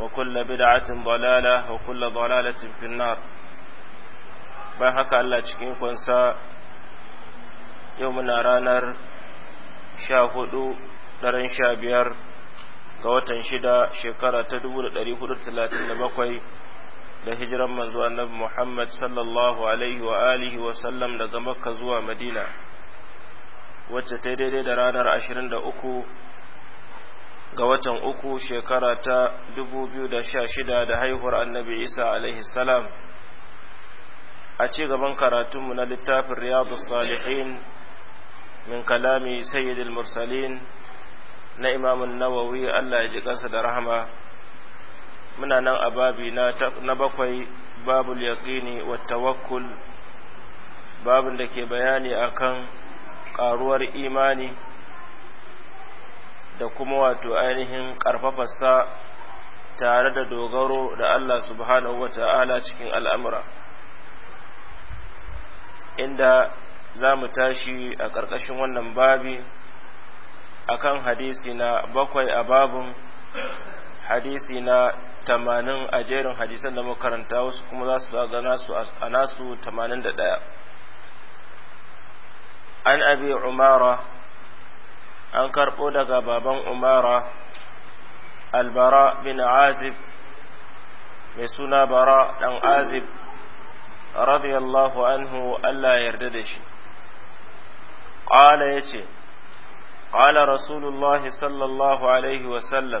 وكل بدعة ضلالة وكل ضلالة في النار haka الله cikin kunsa yau muna ranar 14 daren biyar ga watan shida shekara ta 1437 da hijiran manzo annabi Muhammad sallallahu alaihi wa alihi wa sallam daga Makka zuwa Madina wacce ta daidai da ranar 23 ga watan uku shekara ta 2016 da haihuwar annabi isa alaihi salam a ci gaban karatunmu na littafin riyadu salihin min kalami sayyidul mursalin na imamun nawawi allah ya ji kansa da rahama muna nan a babi na bakwai babul yaqini wa tawakkul babin da ke bayani akan karuwar imani da kuma wato ainihin ƙarfafarsa tare da dogaro da Allah subhanahu wa ta'ala cikin al'amura inda za mu tashi a ƙarƙashin wannan babi akan hadisi na bakwai a babin hadisi na tamanin a jerin hadisan da makaranta wasu kuma za su ga nasu a nasu tamanin da ɗaya an abi umara an karɓo daga baban umara albara bin azib mai suna bara ɗan azib radiyallahu anhu Allah yarda da shi ƙala ya ce ƙala rasulullahi sallallahu alaihi wasallam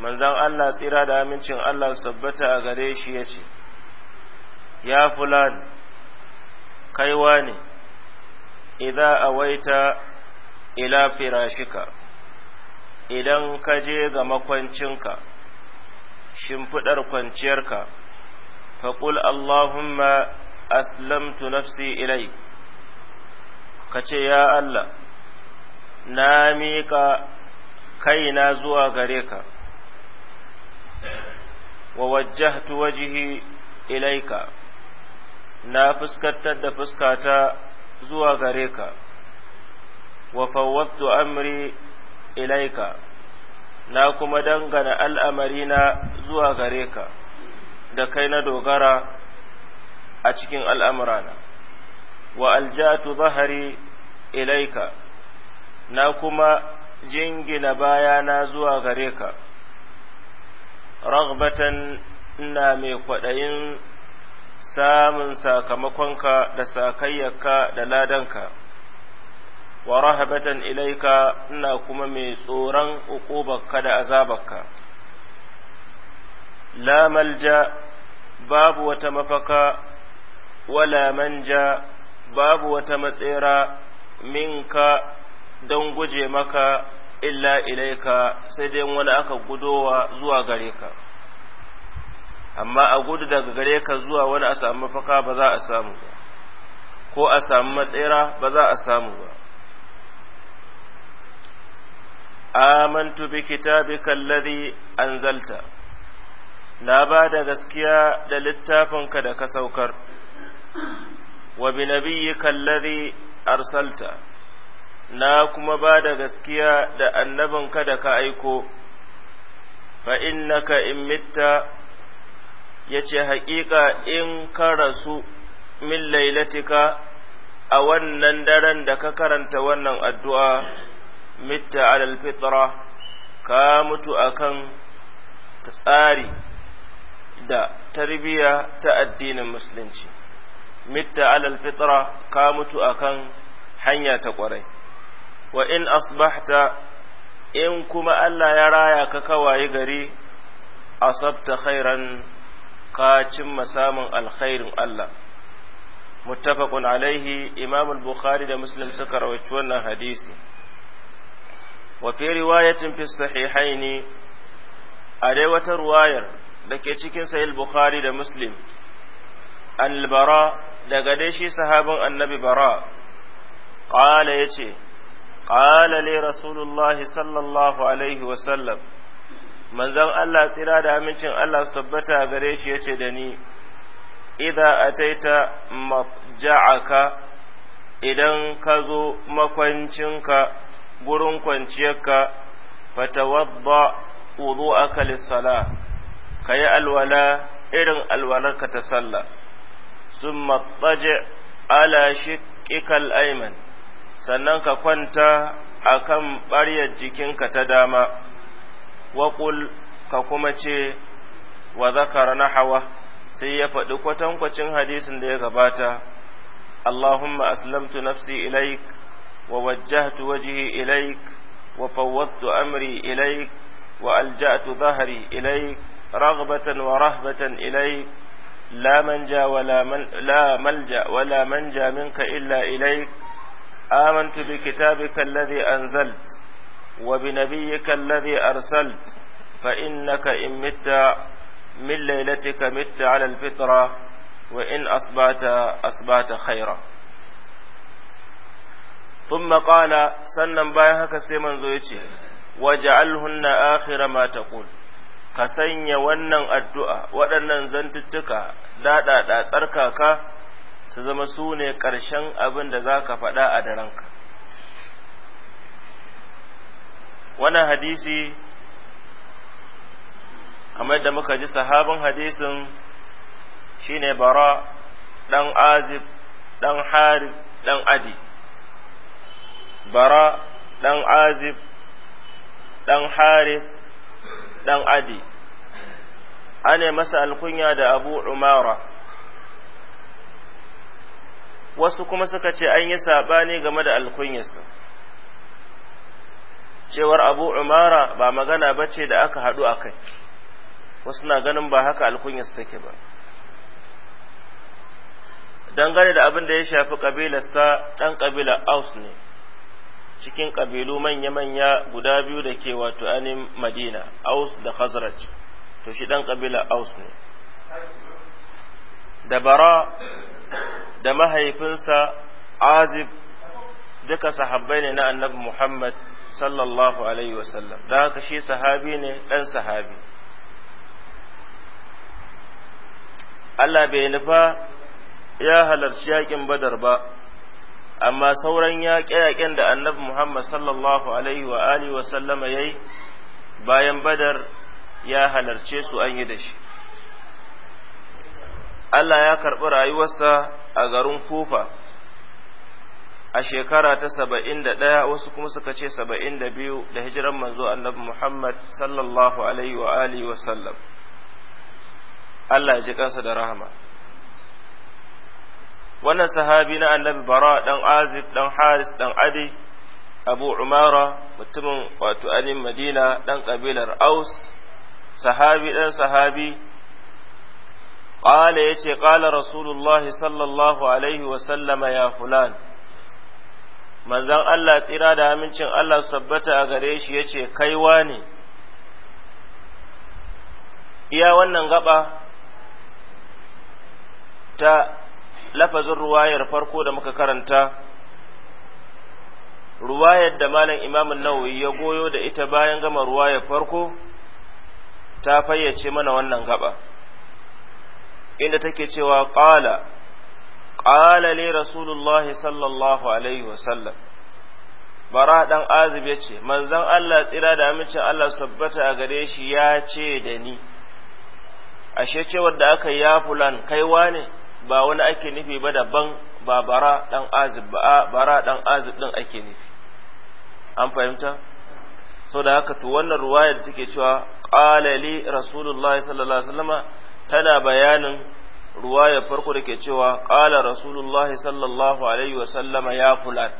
manzan Allah tsira da amincin Allah su tabbata a gare shi ya ce ya fulani kaiwa ne idza awaita ila firashika idan ka je ga makwancinka shimfiɗar kwanciyarka faƙul Allahumma aslamtu nafsi ilai ka ce ya Allah na miƙa kaina zuwa gare ka wa wajjahtu wajihi ilaika na fuskantar da fuskata zuwa gare ka wa fawwattu amri ilaika na kuma dangana al'amarina zuwa gare ka da kai na dogara a cikin al'amurana wa aljatu bahari ilaika na kuma jingina baya na zuwa gare ka ragbatan ina mai kwaɗayin samun sakamakonka da sakayyarka da ladanka wa rahabatan ilaika ina kuma mai tsoron uƙubaka da azabarka la malja babu wata mafaka wala manja babu wata matsera minka don guje maka illa ilaika sai dai wani aka gudowa zuwa gare ka amma a gudu daga gare ka zuwa wani a samu mafaka ba za a samu ba ko a samu matsera ba za a samu ba amantu bi kitabika alladhi anzalta na ba da gaskiya da littafinka da ka saukar wa bi nabiyyika alladhi arsalta na kuma ba da gaskiya da annabinka da ka aiko fa innaka in mitta yace haƙiƙa in ka rasu min lailatika a wannan daren da ka karanta wannan addu'a mitta alal fitra ka mutu akan tsari da tarbiya ta addinin musulunci mitta alal fitra ka mutu akan hanya ta kwarai wa in asbahta in kuma Allah ya raya ka kawai gari asabta khairan ka cimma samun alkhairin Allah muttafaqun alaihi imam al-bukhari da muslim suka wannan hadisi wa fi riwayatin fi sahihaini a dai wata ruwayar da ke cikin sahih bukhari da muslim albara daga dai shi sahabin annabi bara qala yace qala li rasulullah sallallahu alaihi wa sallam manzon Allah tsira da amincin Allah su tabbata gare shi yace da ni idza ataita ka. idan ka zo makwancinka gurin kwanciyarka fatawadda wudu'aka lis Ka kayi alwala irin alwalarka ta sallah summa matsaje ala shiqqikal ayman sannan ka kwanta a kan ɓaryar jikinka ta dama wa ka kuma ce wa zakara hawa, sai ya faɗi kwatankwacin hadisin da ya gabata Allahumma aslamtu nafsi ilaik ووجهت وجهي إليك وفوضت أمري إليك وألجأت ظهري إليك رغبة ورهبة إليك لا منجا ولا من لا ملجأ ولا منجا منك إلا إليك آمنت بكتابك الذي أنزلت وبنبيك الذي أرسلت فإنك إن مت من ليلتك مت على الفطرة وإن أصبعت أصبعت خيرا thumma qala sannan bayan haka sai manzo yace waj'alhunna akhira ma taqul ka sanya wannan addu'a waɗannan zantuttuka da tsarkaka su zama su ne ƙarshen abin da za ka faɗa a daranka. Wannan hadisi, kamar da muka ji sahabin hadisin shine bara ɗan azib ɗan harib ɗan adi. bara ɗan azib ɗan haris, ɗan adi ana masa alkunya da abu umara wasu kuma suka ce an yi saɓani game da alkunyarsa cewar abu umara ba magana ba ce da aka haɗu a kai wasu na ganin ba haka alkunyarsa take ba dangane da abin da ya shafi ƙabilarsa ɗan ƙabilar aus ne cikin ƙabilu manya-manya guda biyu da ke wato anin madina aus da khazraj to shi ɗan kabila aus ne da bara da mahaifinsa azib duka sahabbai ne na annabi muhammad sallallahu alaihi wasallam da haka shi sahabi ne ɗan sahabi Allah bai nufa ya halarci yaƙin badar ba amma sauran yaƙe-yaƙen da annabi Muhammad sallallahu alaihi wa alihi wa sallama yayi bayan badar ya halarce su an yi da shi Allah ya karɓi rayuwarsa a garin Kufa a shekara ta saba'in da ɗaya wasu kuma suka ce saba'in da biyu da hijiran manzo annabi Muhammad sallallahu alaihi wa alihi wa sallam Allah ya ji kansa da rahama wannan sahabi na annabi bara dan azib dan haris dan adi abu umara mutumin wato madina dan kabilar aus sahabi dan sahabi qala yace qala rasulullahi sallallahu alaihi wa sallama ya fulan manzon Allah tsira da amincin Allah sabbata a gare shi yace kaiwa ne iya wannan gaba ta lafazin ruwayar farko da muka karanta ruwayar da malam imamun nawawi ya goyo da ita bayan gama ruwayar farko ta fayyace mana wannan gaba inda take cewa qala qala li rasulullah sallallahu alaihi wasallam bara dan azib yace manzon Allah tsira da amincin Allah sabbata a gare shi ya ce da ni ashe cewar da aka ya fulan kaiwa ne ba wani ake nufi ba daban ba bara ɗan azib ba bara dan azib din ake nufi an fahimta sau da haka to wannan ruwayar da take cewa ƙalali, li rasulullah sallallahu alaihi wasallama tana bayanin ruwayar farko da ke cewa qala rasulullah sallallahu alaihi wasallama ya fulan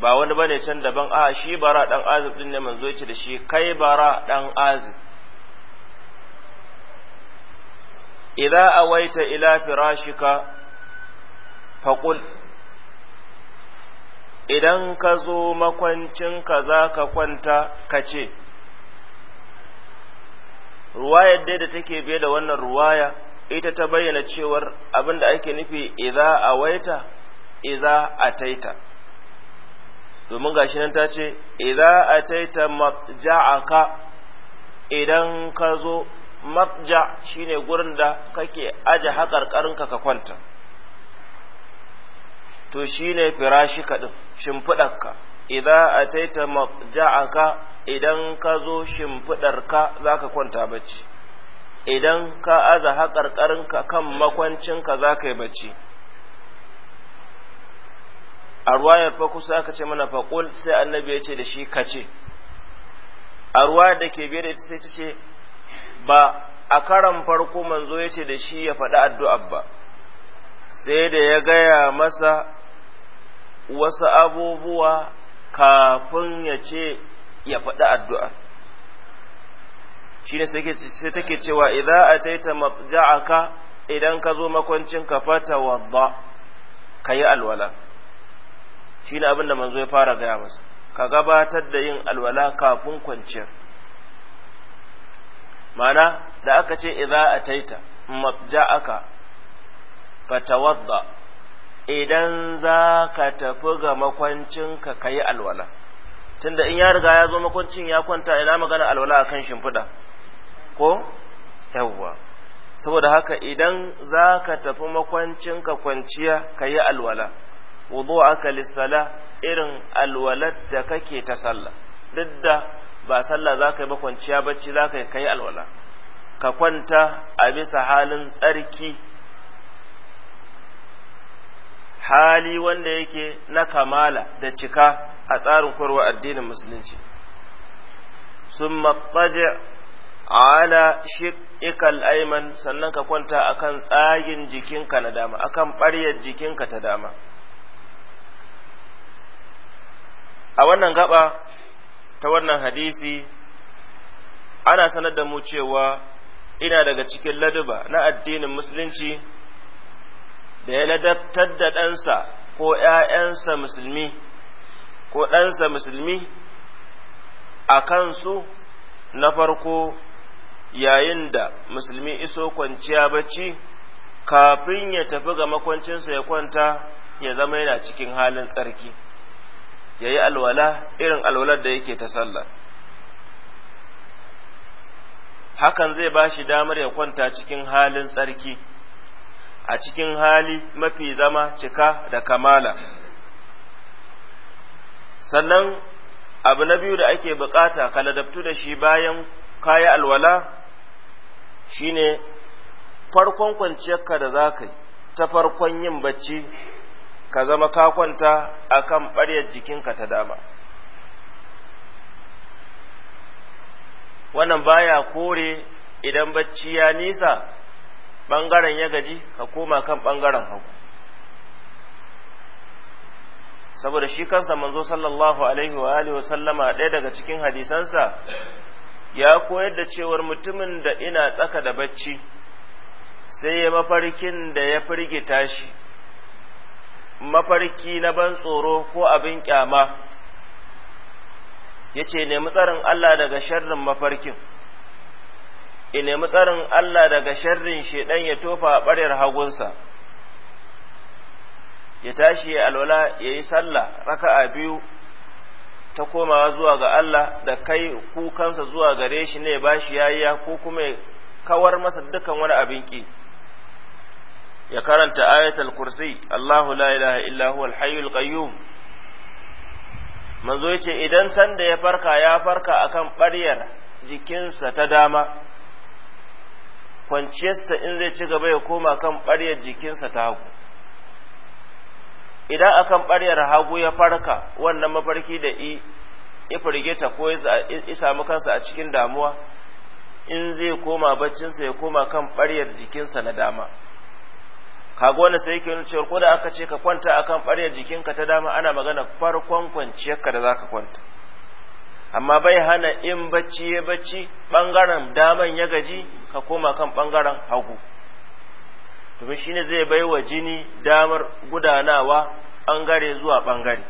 ba wani bane can daban a shi bara ɗan azib ɗin ne manzo yace da shi kai bara ɗan azib idza awaita ila firashika faqul idan ka zo makwancinka za ka kwanta ka ce ruwayar dai da take biye da wannan ruwaya ita ta bayyana cewar abin da ake nufi iza a waita iza a taita domin gashi nan ta ce iza a taita ja'aka idan ka zo matja shine gurin da kake aje haƙarƙarinka ka kwanta to shine firashi din shimfiɗarka idza ataita matja'aka idan ka zo shimfiɗarka zaka kwanta bacci idan ka aza haƙarƙarinka kan makwancinka zaka yi bacci a ruwayar fa kusa aka ce mana faƙul sai annabi ya ce da shi kace a ruwayar da ke biye da ita sai ta ce ba a karan farko manzo ya ce da shi ya faɗi addu'a ba sai da ya gaya masa wasu abubuwa kafin ya ce ya faɗi addu'a shi ne sai take cewa idan a taita mafja'aka idan ka zo makwancinka fata wadda ka yi alwala shi ne abin da manzo ya fara gaya masa ka gabatar da yin alwala kafin kwanciyar ma'ana da aka ce idza ataita mabja'aka fatawadda idan za ka tafi ga makwancinka ka yi alwala tunda in ya riga ya zo makwancin ya kwanta ina magana alwala a kan shimfiɗa ko yawwa saboda haka idan za ka tafi ka kwanciya ka yi alwala wudu aka lissala irin alwalar da kake ta sallah duk da ba sallah za ka yi ba ci bacci za ka yi ka yi alwala ka kwanta a bisa halin tsarki hali wanda yake na kamala da cika a tsarin kwarwa addinin musulunci sun maɓaje ala shikikal aiman sannan ka kwanta akan tsagin jikinka na dama akan ɓaryar jikinka ta dama a wannan gaba ta wannan hadisi ana sanar da mu cewa ina daga cikin laduba na addinin musulunci da ya ladabtar da ɗansa ko ‘ya'yansa musulmi ko ɗansa musulmi a kansu na farko yayin da musulmi iso kwanciya bacci kafin ya tafi ga makwancinsa ya kwanta ya zama yana cikin halin tsarki. ya yi alwala irin alwalar da yake ta sallah hakan zai ba shi damar ya kwanta cikin halin tsarki a cikin hali mafi zama cika da kamala sannan abu na biyu da ake bukata ka ladabtu da shi bayan kayi alwala shine farkon kwanciyarka da za ka yi ta farkon yin bacci ka zama ka kwanta a kan ɓaryar jikinka ta dama wannan baya kore idan bacci ya nisa ɓangaren ya gaji ka koma kan ɓangaren hagu saboda shi kansa manzo sallallahu alaihi wa alihi sallama ɗaya daga cikin hadisansa ya koyar da cewar mutumin da ina tsaka da bacci sai ya mafarkin da ya firgita shi mafarki na ban tsoro ko abin kyama ya ce nemi tsarin Allah daga sharrin mafarkin in nemi tsarin Allah daga sharrin shaidan ya tofa a ɓaryar hagunsa ya tashi ya alwala ya yi sallah raka'a biyu ta komawa zuwa ga Allah da kai kukansa zuwa gare shi ne ba shi yayiya ko kuma kawar masa dukan wani abin ƙi ya karanta ayatul kursi Allahu la ilaha illa huwal hayyul qayyum manzo yace idan sanda ya farka ya farka akan ɓaryar jikinsa ta dama kwanciyarsa in zai ci gaba ya koma kan ɓaryar jikinsa ta hagu idan akan ɓaryar hagu ya farka wannan mafarki da i ya ta ko ya samu kansa a cikin damuwa in zai koma baccinsa ya koma kan ɓaryar jikinsa na dama kaga wannan sai yake nuna ko da aka ce ka kwanta akan ɓaryar jikinka ta dama ana magana farkon kwanciyarka da zaka kwanta amma bai hana in bacci ya bacci bangaren daman ya gaji ka koma kan bangaren hagu domin shine zai bai wa jini damar gudanawa bangare zuwa bangare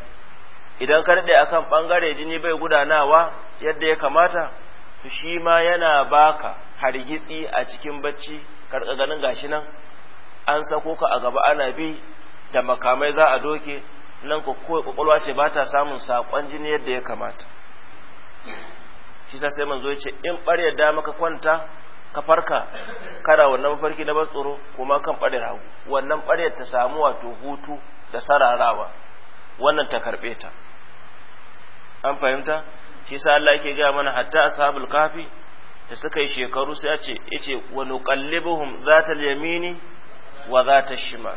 idan ka daɗe akan bangare jini bai gudanawa yadda ya kamata to shi ma yana baka hargitsi a cikin bacci karka ganin gashi nan an sako ka a gaba ana bi da makamai za a doke nan ko kwakwalwa ce ba ta samun sakon jini yadda ya kamata shi sa sai manzo ya ce in ɓaryar yadda maka kwanta ka farka kada wannan mafarki na ban tsoro kuma kan ɓaryar hagu wannan ɓaryar ta samu wato hutu da sararawa wannan ta karɓe ta an fahimta shi sa Allah yake gaya mana hatta ashabul kafi da suka yi shekaru sai a ce yace wa nuqallibuhum zatal yamini wa za ta shima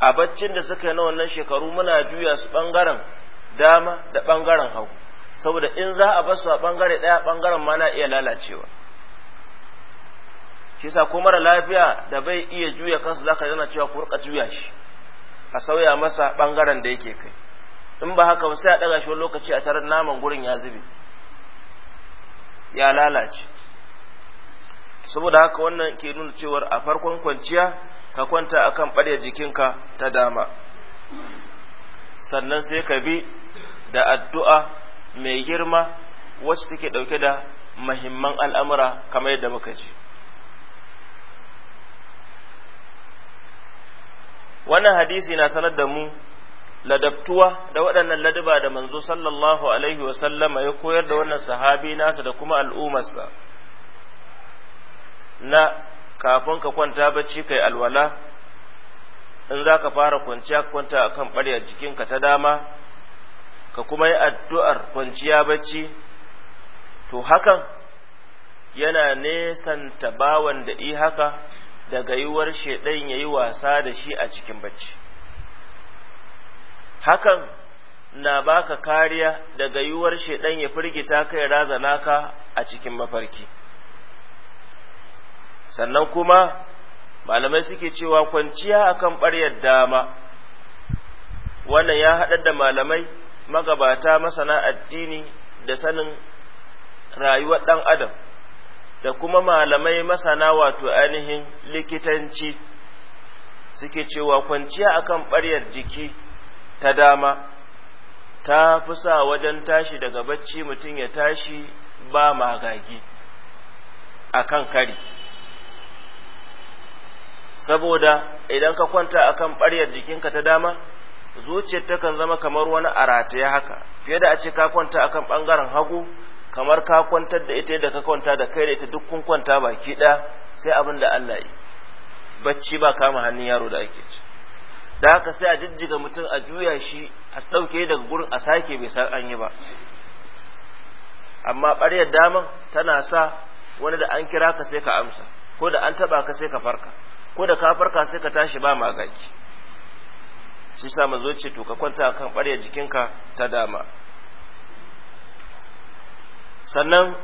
a baccin da suka yi na wannan shekaru muna juya su ɓangaren dama da ɓangaren hagu saboda in za a basu a ɓangare ɗaya ɓangaren ma na iya lalacewa kisa ko mara lafiya da bai iya juya kansu za zaka zana cewa ku rika juya shi a sauya masa ɓangaren da yake kai in ba haka ba sai a ɗaga shi wani lokaci a tarar naman gurin ya zube ya lalace saboda haka wannan ke nuna cewar a farkon kwanciya ka kwanta a kan ɓarya jikinka ta dama sannan sai ka bi da addu'a mai girma wacce take ɗauke da mahimman al'amura kamar yadda muka ji wannan hadisi na sanar da mu ladabtuwa da waɗannan ladaba da manzo sallallahu alaihi wasallama ya koyar da wannan sahabi nasa da kuma al'umarsa na kafin ka kwanta bacci kai alwala in za ka fara kwanciya kwanta a kan ɓaryar jikinka ta dama ka kuma yi addu'ar kwanciya bacci to hakan yana nesanta bawan da i haka daga yiwuwar shaidan ya yi wasa da shi a cikin bacci hakan na baka kariya daga yiwuwar shaidan ya firgita kai razana ka a cikin mafarki sannan kuma malamai suke cewa kwanciya akan ɓaryar dama wannan ya haɗa da malamai magabata masana addini da sanin rayuwar ɗan adam da kuma malamai masana wato ainihin likitanci suke cewa kwanciya akan ɓaryar jiki ta dama ta fi sa wajen tashi daga bacci mutum ya tashi ba magagi akan kari saboda idan ka kwanta akan ɓaryar jikinka ta dama zuciyar kan zama kamar wani arataya haka fiye da a ce ka kwanta akan ɓangaren hagu kamar ka kwantar da ita da ka kwanta da kai da ita duk kun kwanta baki ɗaya sai abin da Allah yi bacci ba kama hannun yaro da ake ci da haka sai a jijjiga mutum a juya shi a ɗauke daga gurin a sake bai san an yi ba amma ɓaryar daman tana sa wani da an kira ka sai ka amsa ko da an taɓa ka sai ka farka ko da ka farka sai ka tashi ba magaki shi sa mazo ce to ka kwanta kan ɓarya jikinka ta dama sannan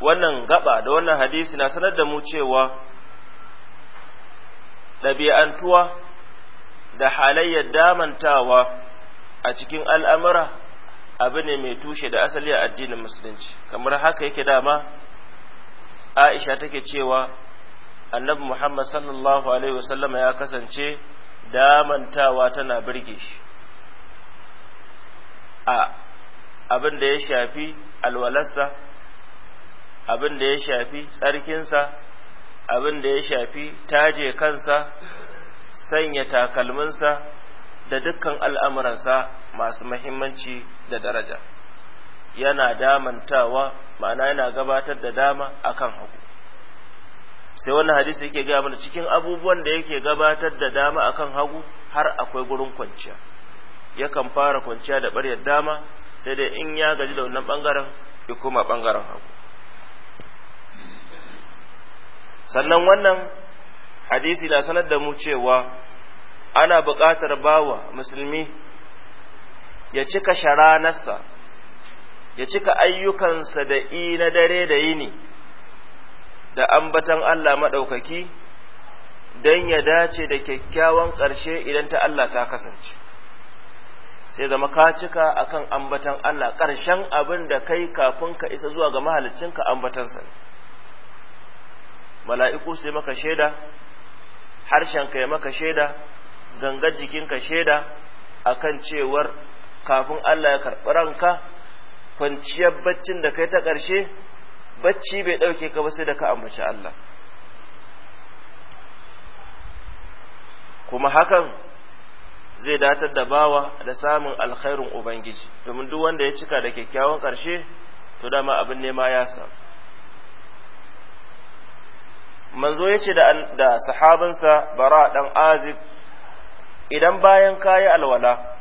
wannan gaba da wannan hadisi na sanar da mu cewa ɗabi'antuwa da halayyar damantawa a cikin al'amura abu ne mai tushe da asali a addinin musulunci kamar haka yake dama aisha take cewa annabi Muhammad sallallahu alaihi wasallama ya kasance damantawa tana birge shi a abin da ya shafi alwalarsa abin da ya shafi tsarkinsa abin da ya shafi taje kansa sanya takalminsa da dukkan al'amuransa masu mahimmanci da daraja yana damantawa ma'ana yana gabatar da dama akan hagu sai wannan hadisi yake gaya mana cikin abubuwan da yake gabatar da dama akan hagu har akwai gurin kwanciya yakan fara kwanciya da baryar dama sai dai in ya gaji da wannan bangaren ya koma bangaren hagu sannan wannan hadisi na sanar da mu cewa ana buƙatar bawa musulmi ya cika sharanarsa ya cika ayyukansa da i na dare da yini da ambatan Allah maɗaukaki don ya dace da kyakkyawan ƙarshe idan ta Allah ta kasance sai zama ka cika akan ambatan Allah ƙarshen abin da kai kafin ka isa zuwa ga mahalicinka ambatansa ne mala'iku sai maka shaida harshen ya maka shaida jikin ka shaida akan cewar kafin Allah ya karɓi ranka kwanciyar baccin da kai ta ƙarshe bacci bai ɗauke ka ba sai da ka ambaci Allah kuma hakan zai datar da bawa da samun alkhairin ubangiji domin duk wanda ya cika da kyakkyawan ƙarshe to dama abin nema ya samu manzo ya ce da sahabinsa bara ɗan azib idan bayan kayi alwala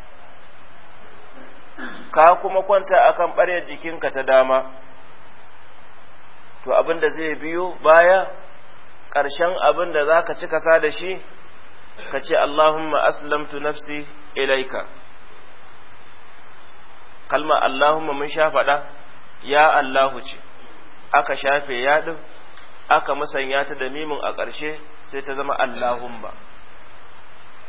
ka kuma kwanta akan ɓaryar jikinka ta dama to abin da zai biyo baya ƙarshen abin da za ka ci kasa da shi ka ce Allahumma aslamtu nafsi ilaika kalma Allahumma mun sha faɗa ya Allahu ce aka shafe yaɗin aka musanya ta da mimin a ƙarshe sai ta zama Allahumma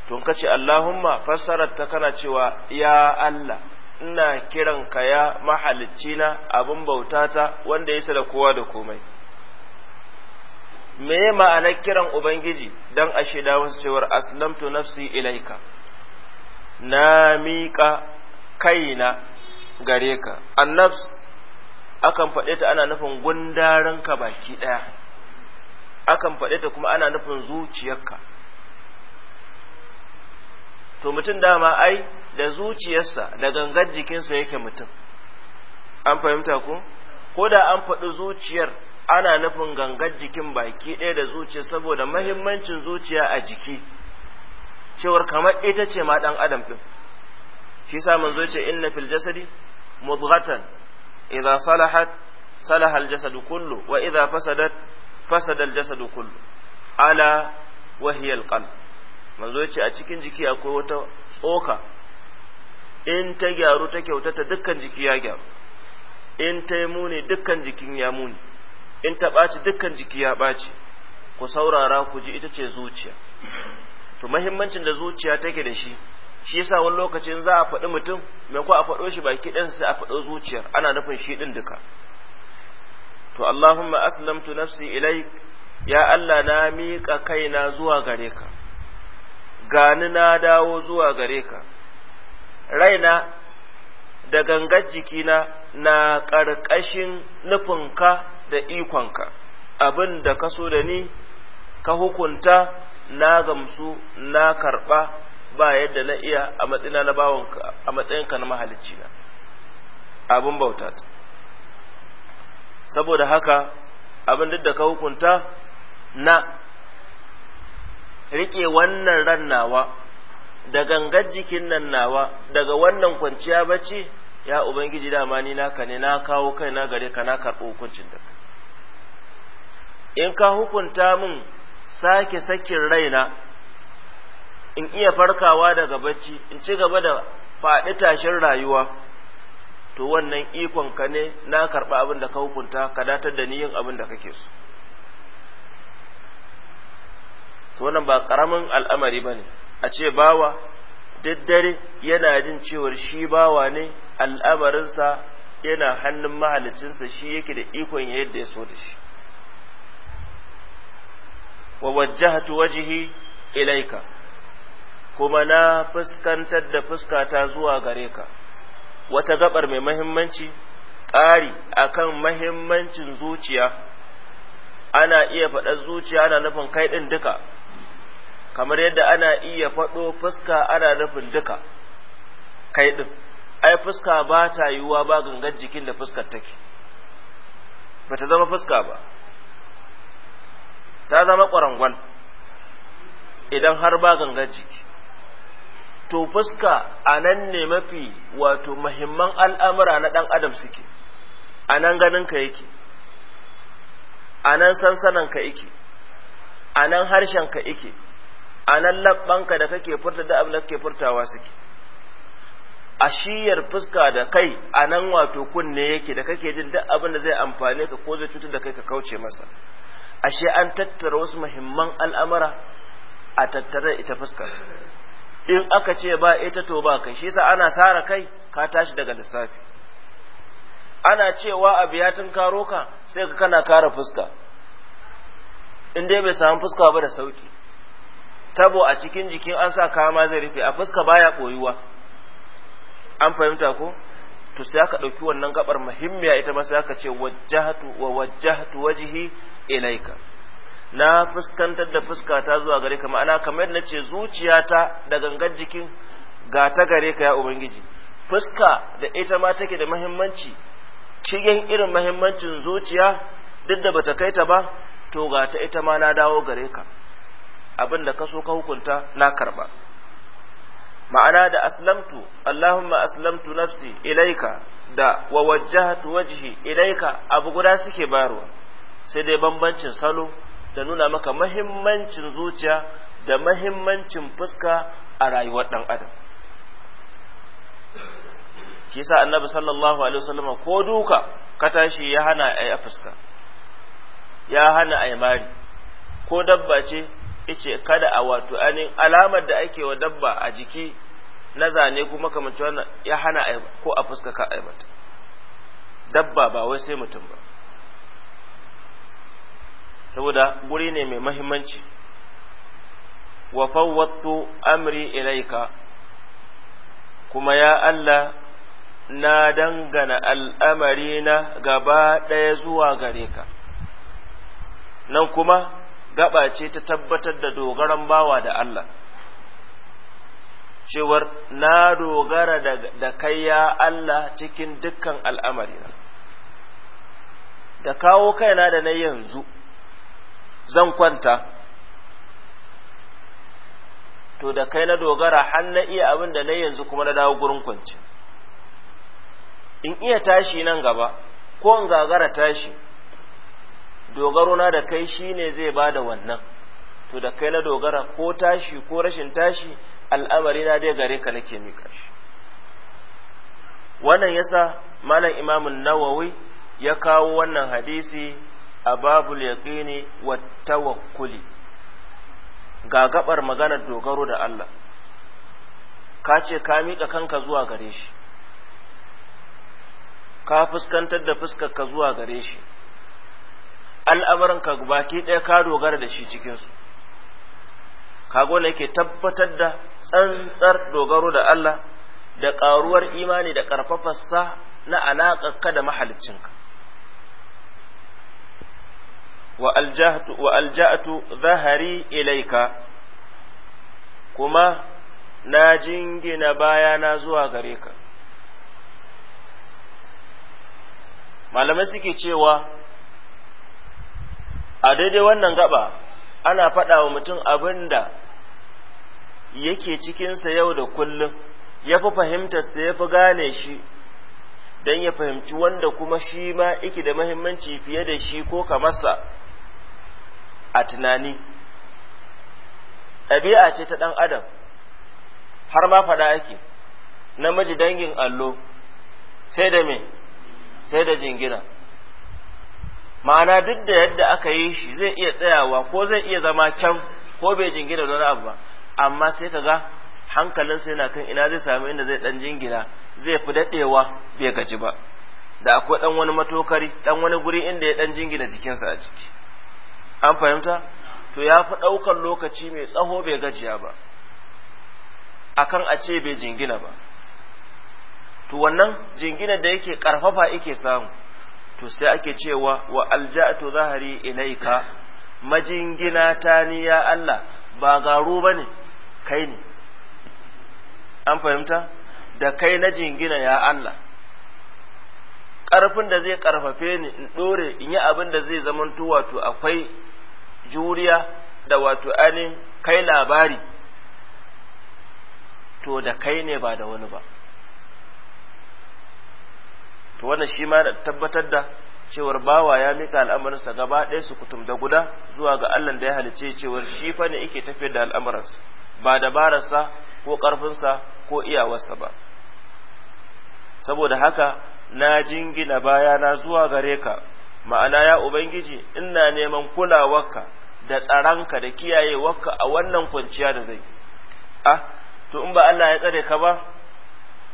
tun ka ce Allahumma fassarar ta kana cewa ya Allah ina kiran kaya ya mahalicina abin bautata wanda ya da kowa da komai me ma'anar kiran ubangiji don a shaida wasu cewar aslamtu nafsi ilaika na miƙa kaina gare ka annabs akan faɗe ta ana nufin ka baki ɗaya akan faɗe ta kuma ana nufin zuciyarka to mutum dama ai da zuciyarsa da gangar jikinsa yake mutum an fahimta ku? ko da an faɗi zuciyar ana nufin gangar jikin baki ɗaya da zuciya saboda mahimmancin zuciya a jiki cewar kamar ita ce ma ɗan adam ɗin shi sa mun zo ce inna fil jasadi mudghatan idza salahat salaha al jasadu kullu wa idza fasadat fasada al jasadu kullu ala wa hiya al qalb manzo ce a cikin jiki akwai wata tsoka in ta gyaru ta kyautata dukkan jiki ya gyaru in ta yi muni dukkan jikin ya muni in ta ɓaci dukkan jiki ya ɓaci ku saurara ku ji ita ce zuciya to mahimmancin da zuciya take da shi shi yasa wani lokacin za a faɗi mutum mai ko a faɗo shi baki ɗansa sai a faɗo zuciyar ana nufin shi ɗin duka to Allahumma aslamtu nafsi ilaik ya Allah na miƙa kaina zuwa gare ka gani na dawo zuwa gare ka raina da gangar jikina na ƙarƙashin ka da ikon ka abin da ka so da ni ka hukunta na gamsu na karɓa ba yadda na iya a matsina na bawanka a matsayinka na mahalicina abin bauta saboda haka abin duk da ka hukunta na rike wannan ran nawa da gangar jikin nan nawa daga wannan kwanciya bacci ya ubangiji dama ni naka ne na kawo kai na gare ka na karɓo hukuncin da in ka hukunta min sake sakin raina in iya farkawa daga bacci in ci gaba da faɗi tashin rayuwa to wannan ikon ka ne na karɓa abin da ka hukunta ka datar da ni yin abin da kake so to wannan ba karamin al'amari bane a ce bawa daddare yana jin cewar shi bawa ne al'amarinsa yana hannun mahalicinsa shi yake da ikon yadda ya so da shi wa wajjahatu wajihi ilaika kuma na fuskantar da fuska ta zuwa gare ka wata gabar mai mahimmanci ƙari akan mahimmancin zuciya ana iya faɗar zuciya ana nufin kai ɗin duka kamar yadda ana iya faɗo fuska ana nufin duka kai ɗin ai fuska ba ta yiwuwa ba gangan jikin da fuskar take ba ta zama fuska ba ta zama ƙwarangon idan har ba gangan jiki to fuska a nan ne mafi wato mahimman al'amura na ɗan adam suke a nan ganinka yake a nan sansananka yake a nan harshenka yake a nan labbanka da kake furta da abin da kake furtawa suke a shiyar fuska da kai a nan wato kunne yake da kake jin duk abin da zai amfane ka ko zai cutar da kai ka kauce masa ashe an tattara wasu muhimman al'amura a tattara ita fuska in aka ce ba ita to ba kai shi yasa ana sara kai ka tashi daga lissafi ana cewa abu ya karo ka sai ka kana kara fuska in dai bai samu fuska ba da sauki tabo a cikin jikin an sa ma zai rufe a fuska baya koyuwa an fahimta ko to sai aka ɗauki wannan gabar muhimmiya ita ma sai aka ce wajjahatu wa wajjahatu wajhi ilaika na fuskantar da fuska ta zuwa gare ka ma'ana kamar yadda ce zuciyata da gangan jikin ga ta gare ka ya ubangiji fuska da ita ma take da muhimmanci cikin irin muhimmancin zuciya duk da bata kai ta ba to ga ta ita ma na dawo gare ka abin da ka so ka hukunta na karba ma'ana da aslamtu allahumma aslamtu nafsi ilaika da wa wajjahtu wajhi ilaika abu guda suke bayarwa sai dai bambancin salo da nuna maka mahimmancin zuciya da mahimmancin fuska a rayuwar dan adam kisa annabi sallallahu alaihi wasallam ko duka ka tashi ya hana a fuska ya hana a mari ko dabba ce yace kada a wato anin alamar da ake wa dabba a jiki na zane kuma kamar wannan ya hana ko a fuska ka aibata dabba ba wai sai mutum ba saboda guri ne mai mahimmanci wa fawwattu amri ilaika kuma ya Allah na dangana al'amari na gaba ɗaya zuwa gare ka nan kuma gaba ce ta tabbatar da dogaran bawa da Allah cewar na dogara da kai ya Allah cikin dukkan al'amarina da kawo kaina da na yanzu zan kwanta to da kai na dogara har na iya abin da na yanzu kuma na dawo gurin kwanci in iya tashi nan gaba ko in gagara tashi dogaro na da kai shine zai bada wannan to da kai na dogara ko tashi ko rashin tashi al'amari na dai gare ka nake mika shi wannan yasa malam imamun nawawi ya kawo wannan hadisi a babul yaqini wa tawakkuli ga gabar maganar dogaro da Allah ka ce ka mika kanka zuwa gare shi ka fuskantar da fuskar ka zuwa gare shi al'amuran ka baki ɗaya ka dogara da shi cikinsu kago ne yake tabbatar da tsantsar dogaro da Allah da ƙaruwar imani da ƙarfafarsa na ka da mahaliccinka wa alja'atu zahari ilaika kuma na jingina baya na zuwa gare ka malamai suke cewa a daidai wannan gaba ana faɗa wa mutum abin da yake cikinsa yau da kullum ya fi fahimtarsa ya fi gane shi don ya fahimci wanda kuma shi ma iki da mahimmanci fiye da shi ko kamarsa a tunani ɗabi'a ce ta ɗan adam har ma faɗa ake namiji dangin allo sai da me sai da jingina ma'ana duk da yadda aka yi shi zai iya tsayawa ko zai iya zama can ko bai jingina da wani abu ba amma sai ka ga hankalinsa yana kan ina zai samu inda zai dan jingina zai fi daɗewa bai gaji ba da akwai dan wani matokari dan wani guri inda ya dan jingina jikinsa a ciki an fahimta to ya fi ɗaukar lokaci mai tsaho bai gajiya ba akan a ce bai jingina ba to wannan jingina da yake ƙarfafa yake samu to sai ake cewa wa alja'atu zahari ilaika majingina ta ni ya Allah ba garo bane kai ne an fahimta da kai na jingina ya Allah ƙarfin da zai ƙarfafe ni in ɗore in yi abin da zai zamanto wato akwai juriya da wato ainihin kai labari to da kai ne ba da wani ba to wannan shi ma da tabbatar da cewar bawa ya mika al'amarinsa gaba ɗaya su kutum da guda zuwa ga Allah da ya halice cewar shi fa ne yake tafiyar da al'amuransa ba dabararsa ko ƙarfinsa ko iyawarsa ba saboda haka na jingina baya na zuwa gare ka ma'ana ya ubangiji ina neman kulawarka da tsaranka da kiyayewarka a wannan kwanciya da zai ah to in ba Allah ya tsare ka ba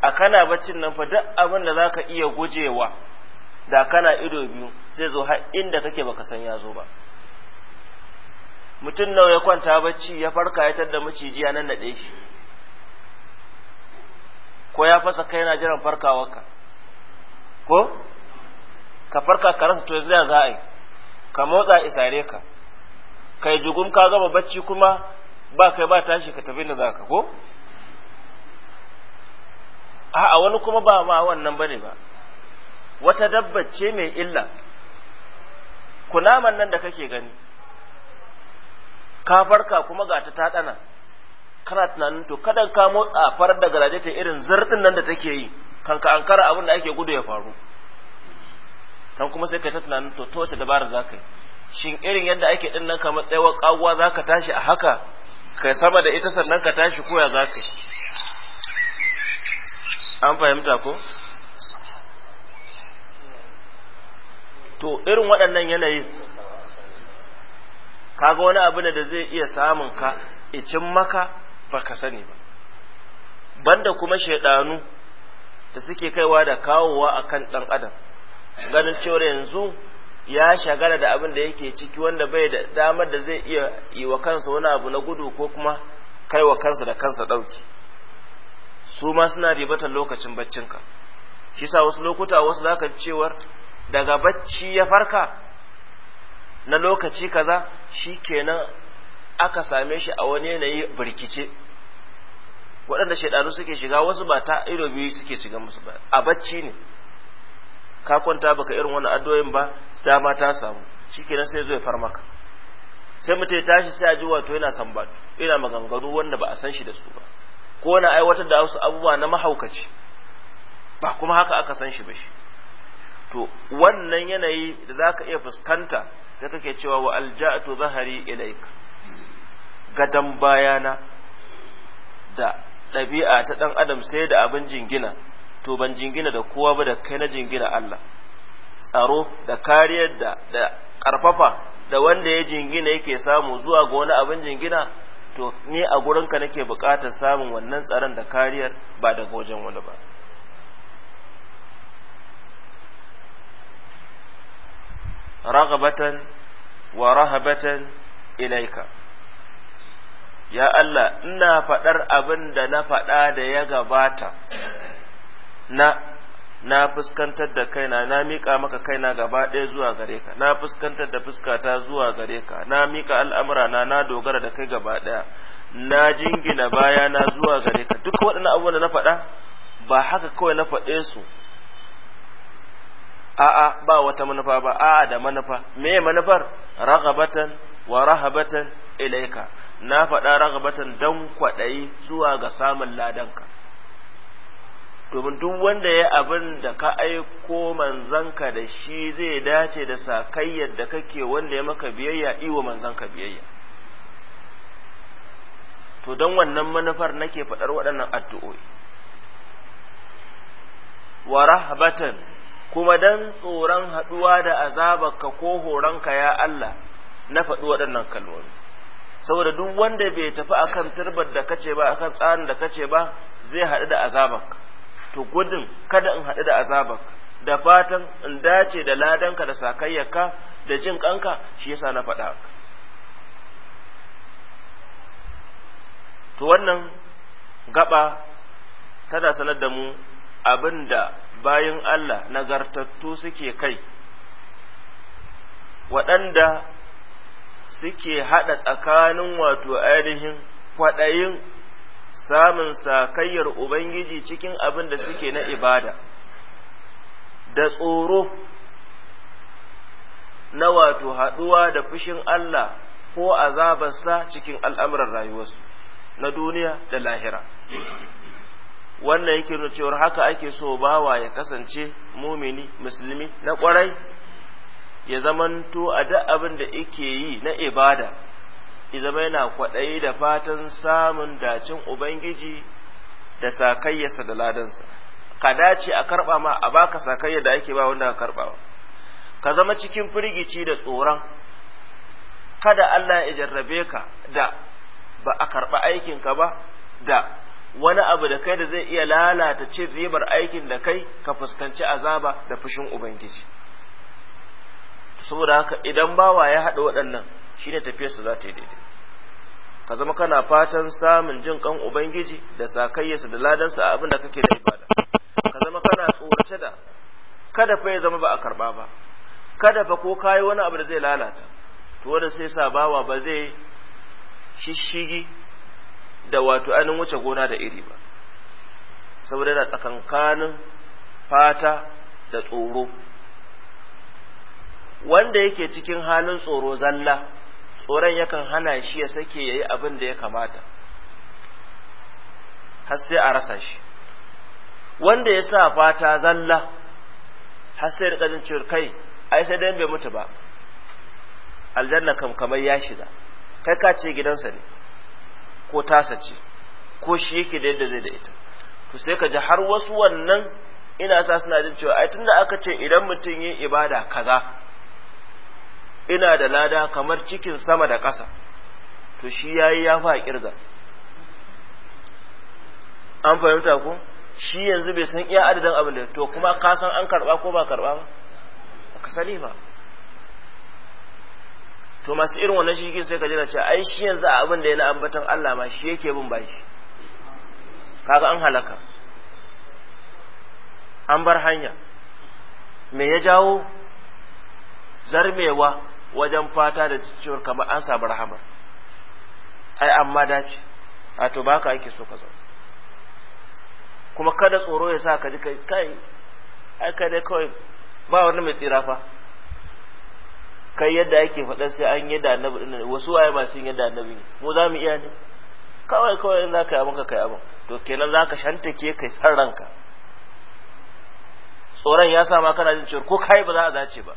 a kana baccin nan fa duk abin da zaka iya gujewa da kana ido biyu sai zo har inda kake baka san ya zo ba mutum nawa ya kwanta bacci ya farka ya tadda maciji ya nan nade shi ko ya fasa kai na jiran farkawarka ko ka farka ka rasa to yanzu ya za yi ka motsa isare ka kai jugum ka gama bacci kuma ba kai ba tashi ka tafi da zaka ko a'a wani kuma ba ma wannan bane ba wata dabbace ce mai illa kunaman nan da kake gani ka farka kuma ga ta taɗana kana tunanin to kada ka motsa farar da garaje ta irin zarɗin nan da take yi kan ka ankara abin da ake gudu ya faru dan kuma sai ka ta tunanin to to wace dabara za ka yi shin irin yadda ake din nan kamar tsayawar kawuwa za ka tashi a haka ka sama da ita sannan ka tashi koya za ka yi an fahimta ko to irin waɗannan yanayi kaga wani abu ne da zai iya samun ka icin maka baka sani ba banda kuma shaidanu da suke kaiwa da kawowa akan ɗan adam ganin cewar yanzu ya shagala da abin da yake ciki wanda bai da damar da zai iya yi wa kansa wani abu na gudu ko kuma kaiwa kansa da kansa ɗauki su ma suna ribatar lokacin baccinka shi sa wasu lokuta wasu zaka cewar daga bacci ya farka na lokaci kaza shi kenan aka same shi a wani yanayi birkice waɗanda shaidanu suke shiga wasu ba ta ido biyu suke shiga musu ba a bacci ne ka kwanta baka irin wani addoyin ba dama ta samu shikenan sai zo ya far maka sai mutai tashi sai a ji wato yana sambatu yana maganganu wanda ba a san shi da su ba ko na aiwatar da wasu abubuwa na mahaukaci ba kuma haka aka san shi ba shi to wannan yanayi da za ka iya fuskanta sai kake cewa wa alja'atu zahari ilaik gadon bayana da ɗabi'a ta ɗan adam sai da abin jingina to ban jingina da kowa ba da kai na jingina Allah tsaro da kariyar da da ƙarfafa da wanda ya jingina yake samu zuwa ga wani abin jingina to ni a gurinka nake buƙatar samun wannan tsaron da kariyar ba daga wajen wani ba ragabatan wa rahabatan ilaika ya Allah ina faɗar abin da na faɗa da ya gabata na na fuskantar da kaina na miƙa maka kaina gaba ɗaya zuwa gare ka na fuskantar da fuskata zuwa gare ka na miƙa al'amura na dogara da kai gaba ɗaya na jingina baya na zuwa gare ka duk waɗannan abubuwan da na faɗa ba haka kawai na faɗe su a'a ba wata manufa ba a'a da manufa me manufar ragabatan wa rahabatan ilaika na faɗa ragabatan dan kwaɗayi zuwa ga samun ladanka domin duk wanda ya abin da ka aiko manzanka da shi zai dace da sakayyar da kake wanda ya maka biyayya iwa manzanka biyayya to don wannan manufar nake faɗar waɗannan addu'o'i wa rahbatan kuma don tsoron haɗuwa da azabarka ko horonka ya Allah na faɗi waɗannan kalmomi saboda duk wanda bai tafi akan turbar da kace ba akan tsarin da kace ba zai haɗu da azabarka to gudun kada in haɗu da azabar da fatan in dace da ladanka da sakayyarka da jin kanka shi yasa na faɗa to wannan gaba tana sanar da mu abin da bayan Allah nagartattu suke kai waɗanda suke haɗa tsakanin wato ainihin kwaɗayin samun sakayyar ubangiji cikin abin da suke na ibada da tsoro na wato haɗuwa da fushin Allah ko azabarsa cikin al'amuran rayuwarsu na duniya da lahira wannan yake nuna cewar haka ake so bawa ya kasance mumini musulmi na kwarai ya zamanto a duk abin da yake yi na ibada izama yana kwaɗayi da fatan samun dacin ubangiji da sakayyarsa da ladansa ka dace a karɓa ma a baka sakayyar da ake ba wanda ka karɓawa ka zama cikin firgici da tsoron kada Allah ya jarrabe ka da ba a karɓa aikinka ba da wani abu da kai da zai iya lalata ce ribar aikin da kai ka fuskanci azaba da fushin ubangiji saboda haka idan bawa ya haɗa waɗannan Shi shine tafiyarsa za ta yi daidai ka zama kana fatan samun jin kan ubangiji da sakayyarsa da ladansa a abin da kake da ibada ka zama kana tsorace da kada fa ya zama ba a karba ba kada fa ko kayi wani abu da zai lalata to wanda sai sa bawa ba zai shishigi da wato anin wuce gona da iri ba saboda yana tsakankanin fata da tsoro wanda yake cikin halin tsoro zalla tsoron yakan hana shi ya sake yayi abin da ya kamata har sai a rasa shi wanda ya sa fata zalla har sai da kajin ciwar kai ai sai dai bai mutu ba aljanna kam ya shiga kai ka ce gidansa ne ko tasa ce ko shi yake da yadda zai da ita to sai ka ji har wasu wannan ina sa suna jin cewa ai tunda aka ce idan mutum yin ibada kaza ina da lada kamar cikin sama da ƙasa to shi yayi ya fa kirga an fahimta ko shi yanzu bai san iya adadin abin da to kuma ka san an karba ko ba karba ba ka sani ba to masu irin wannan shi sai ka jira cewa ai shi yanzu a abin da yana ambatan Allah ma shi yake bin bashi kaga an halaka an bar hanya me ya jawo zarmewa wajen fata da cewar kamar an samu rahama ai amma dace a to ba ka ake so ka zo kuma kada tsoro ya sa ka ji kai kai ai ka dai kawai ba wani mai tsira fa kai yadda ake faɗa sai an yadda annabi din wasu waye masu yadda annabi ne mu za mu iya ne kawai kawai in za ka yi abin ka kai abin to kenan za ka shantake kai san ranka tsoron ya sa ma kana jin cewa ko kai ba za a dace ba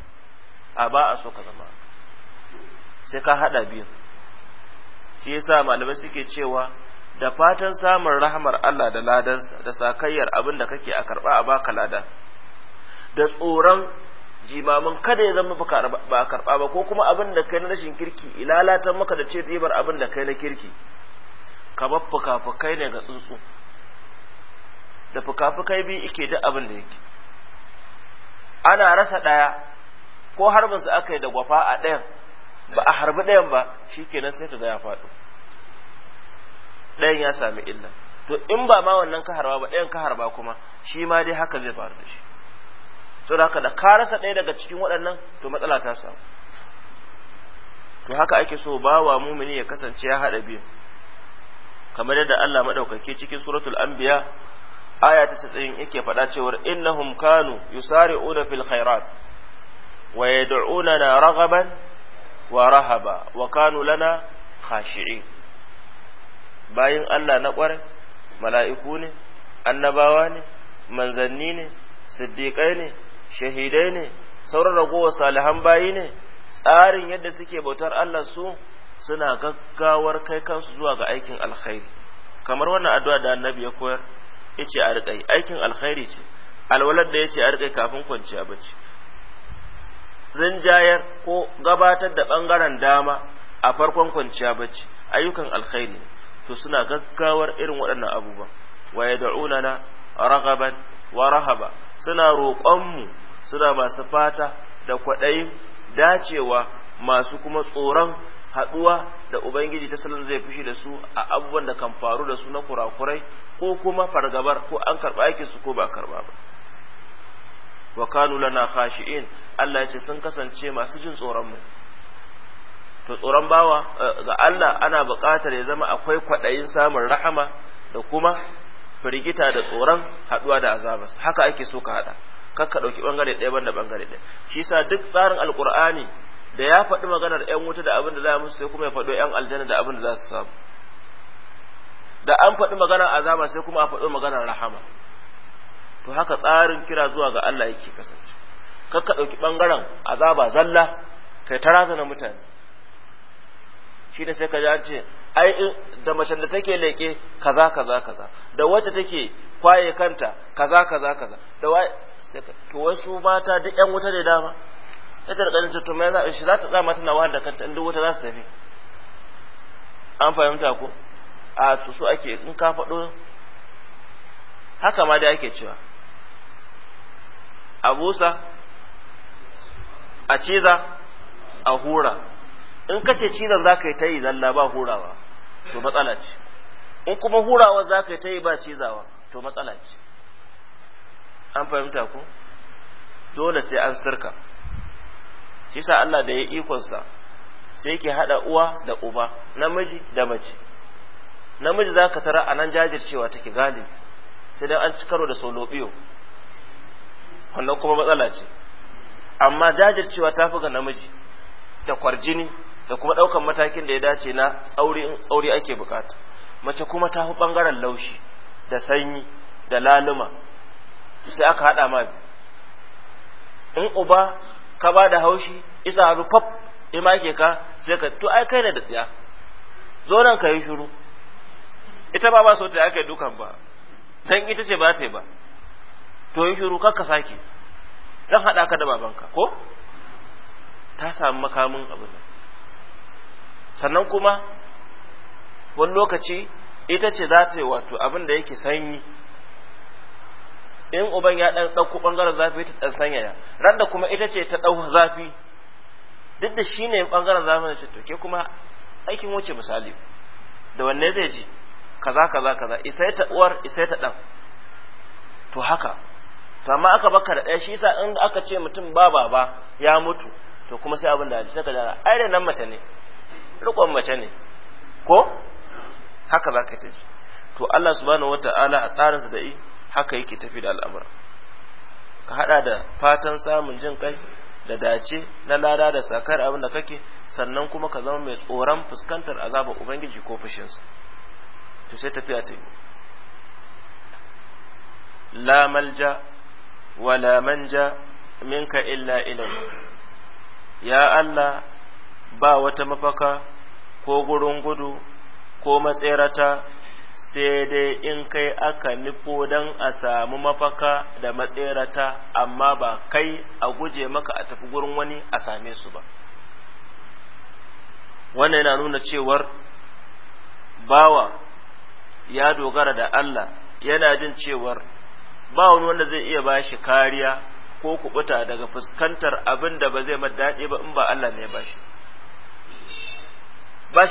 a ba a so ka zama sai ka hada biyu shi yasa malamai suke cewa da fatan samun rahmar Allah da ladansa da sakayyar abin da kake a karba a baka lada da tsoron jimamin kada ya zama ba a karba ba ko kuma abin da kai na rashin kirki ilalatan maka da ce ribar abin da kai na kirki kamar fuka ne ga tsuntsu da fuka biyu ike da abin da yake ana rasa ɗaya ko har ba su aka yi da gwafa a ɗayan ba a harbi ɗayan ba shi nan sai ga ya faɗo ɗayan ya sami illa to in ba ma wannan ka harba ba ɗayan ka harba kuma shi ma dai haka zai faru da shi da haka da ka rasa ɗaya daga cikin waɗannan to matsala ta samu to haka ake so ba wa mumini ya kasance ya haɗa biyu kamar yadda Allah maɗaukaki cikin suratul anbiya aya ta 90 yake faɗa cewar innahum kanu yusari'una fil khairat wa yad'una ragaban wa rahaba wa kanu lana khashi'in bayin Allah na kwarai, mala'iku ne annabawa ne manzanni ne siddiƙai ne shahidai ne sauran ragowar salihan bayi ne tsarin yadda suke bautar Allah su suna gaggawar kai kansu zuwa ga aikin alkhairi kamar wannan addu'a da annabi ya koyar yace a riƙai aikin alkhairi ce alwalar da yace a riƙai kafin kwanciya bacci rinjayar ko gabatar da ɓangaren dama a farkon kwanciya bacci ayyukan alkhairi to suna gaggawar irin waɗannan abubuwan wa yad'una na ragaban wa rahaba suna roƙonmu suna masu fata da kwaɗayin dacewa masu kuma tsoron haɗuwa da ubangiji ta salon zai fushi da su a abubuwan da kan faru da su na kurakurai ko kuma fargabar ko an karɓa aikinsu ko ba karɓa ba wa kanu lana khashi'in Allah yace sun kasance masu jin tsoron mu to tsoron bawa eh, ga Allah ana buƙatar ya zama akwai kwaɗayin samun rahama da kuma firgita da tsoron haɗuwa da azabas haka ake so ka haɗa kakka ɗauki ɓangare ɗaya banda ɓangare ɗaya shi yasa duk tsarin alƙur'ani da ya faɗi maganar 'yan wuta da abin da za musu sai kuma ya faɗo 'yan aljanna da abin da za su samu da an faɗi maganar azaba sai kuma a faɗo maganar rahama to haka tsarin kira zuwa ga Allah yake kasance kakka ɗauki ɓangaren azaba zalla kai ta razana mutane shi ne sai ka ji an ce ai da mace da take leƙe kaza kaza kaza da wacce take kwaye kanta kaza kaza kaza da wai to wasu mata duk yan wuta ne dama ta rika ta to me za shi za ta tsama tana wahar da kanta inda wuta za su tafi an fahimta ko a to so ake in ka faɗo haka ma dai ake cewa a busa a ciza a hura in ka ce ciza za ka yi ta yi zalla ba hurawa to matsala ce in kuma hurawa za ka yi ta yi ba cizawa to matsala ce an fahimta ku dole sai an sirka shi sa Allah da ya ikonsa sai ke haɗa uwa da uba namiji da mace namiji za ka tara a nan jajircewa take gane, sai dai an ci karo da solobiyo wannan kuma matsala ce amma jajircewa ta fi ga namiji da kwarjini da kuma ɗaukan matakin da ya dace na tsauri tsauri ake bukata mace kuma ta fi ɓangaren laushi da sanyi da laluma sai aka haɗa ma in uba ka ba da haushi isa haru fab in ma ke ka sai ka to ai kai ne da tsiya zo nan ka yi shiru ita ba ba so ta aka dukan ba dan ita ce ba ta ba to yi shiru kakka sake zan haɗa ka da babanka ko ta samu makamin abu ne sannan kuma wani lokaci ita ce za ta yi wato abin da yake sanyi in uban ya ɗan ɗauko ɓangaren zafi ta ɗan sanyaya ran da kuma ita ce ta ɗau zafi duk da shi ne ɓangaren zafi na to ke kuma aikin wuce misali da wanne zai ji kaza kaza kaza isa ta uwar isa ta ɗan to haka to amma aka baka da ɗaya shi yasa in aka ce mutum ba baba ya mutu to kuma sai abin da ya saka da ai da nan mace ne rikon mace ne ko haka zaka ta ji to Allah subhanahu wata'ala a tsarinsa da yi haka yake tafi da al'amura ka hada da fatan samun jin kai da dace na lada da sakar abin da kake sannan kuma ka zama mai tsoron fuskantar azabar ubangiji ko fushinsa to sai tafiya ta yi la malja wala manja minka illa ilai ya Allah ba wata mafaka ko gurin gudu ko matserata sai dai in kai aka nufo don a samu mafaka da matserata amma ba kai a guje maka a tafi gurin wani a same su ba wannan yana nuna cewar bawa ya dogara da Allah yana jin cewar ba wani wanda zai iya bashi kariya ko kubuta daga fuskantar abin da ba zai daɗi ba in ba Allah ne ya bashi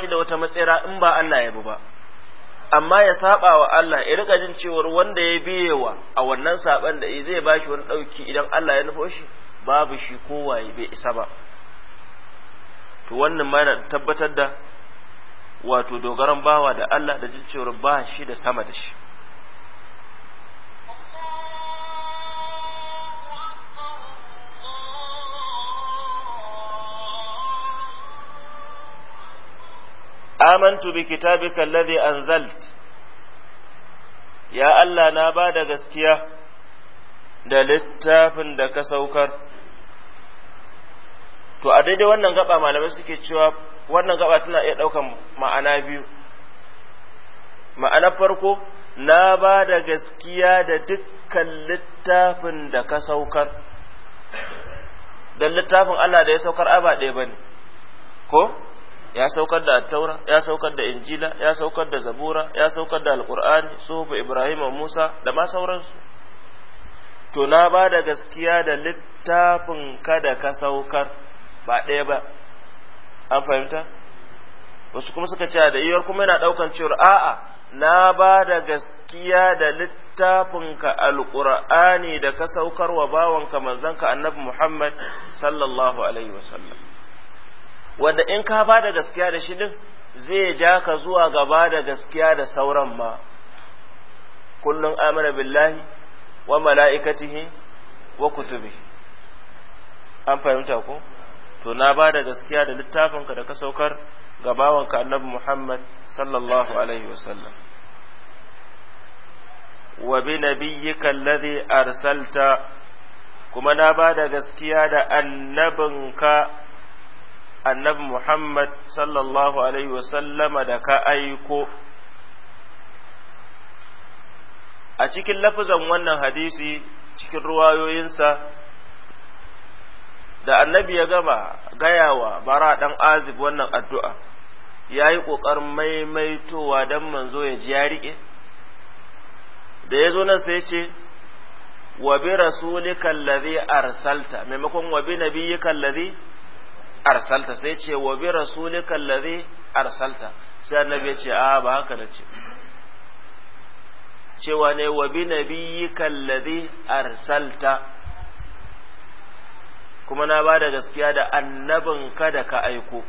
shi da wata matsira in ba Allah ya bi ba amma ya saba wa Allah ya riga jin cewar wanda ya biyewa a wannan saban da zai bashi wani ɗauki idan Allah ya nufo shi babu shi kowaye bai isa ba to wannan ma yana tabbatar da wato dogaran bawa da Allah da jin cewar ba shi da sama da shi amantu bi kitabika alladhi anzalt ya Allah na bada gaskiya da littafin da ka saukar to a daidai wannan gaba malamai suke cewa wannan gaba tana iya ɗaukan ma'ana biyu ma'ana farko na ba da gaskiya da dukkan littafin da ka saukar don littafin Allah da ya saukar aba ɗaya ba ne ko ya saukar da Taura, ya saukar da injila ya saukar da zabura ya saukar da alkur'ani suhufu ibrahim musa da ma sauransu to na ba da gaskiya da littafin kada ka saukar ba ɗaya ba an fahimta wasu kuma suka ce da iyar kuma yana ɗaukan cewar a'a na ba da gaskiya da littafinka alƙur'ani da ka saukar wa bawanka manzanka annabi muhammad sallallahu alaihi wasallam wanda in ka ba da gaskiya da shi din zai ja ka zuwa gaba da gaskiya da sauran ma kullun amana billahi wa mala'ikatihi wa kutubi an fahimta ko to na ba da gaskiya da littafinka da ka saukar ga bawanka annabi Muhammad sallallahu alaihi wasallam wa bi nabiyyika alladhi arsalta kuma na ba da gaskiya da annabinka annabi Muhammad sallallahu Alaihi wasallama da ka aiko. A cikin lafazan wannan hadisi cikin ruwayoyinsa da annabi ya gama gayawa bara ɗan azib wannan addu'a ya yi ƙoƙarin maimaitowa dan manzo ya ji ya riƙe. Da ya zo nan sai ce, wa bi rasulika allazi arsalta maimakon wa bi nabiyyika allazi arsalta sai ce wa bi rasulika allazi arsalta sai annabi ce a ba haka da ce cewa ne wa bi nabiyyika allazi arsalta kuma na ba da gaskiya da annabin ka da ka aiko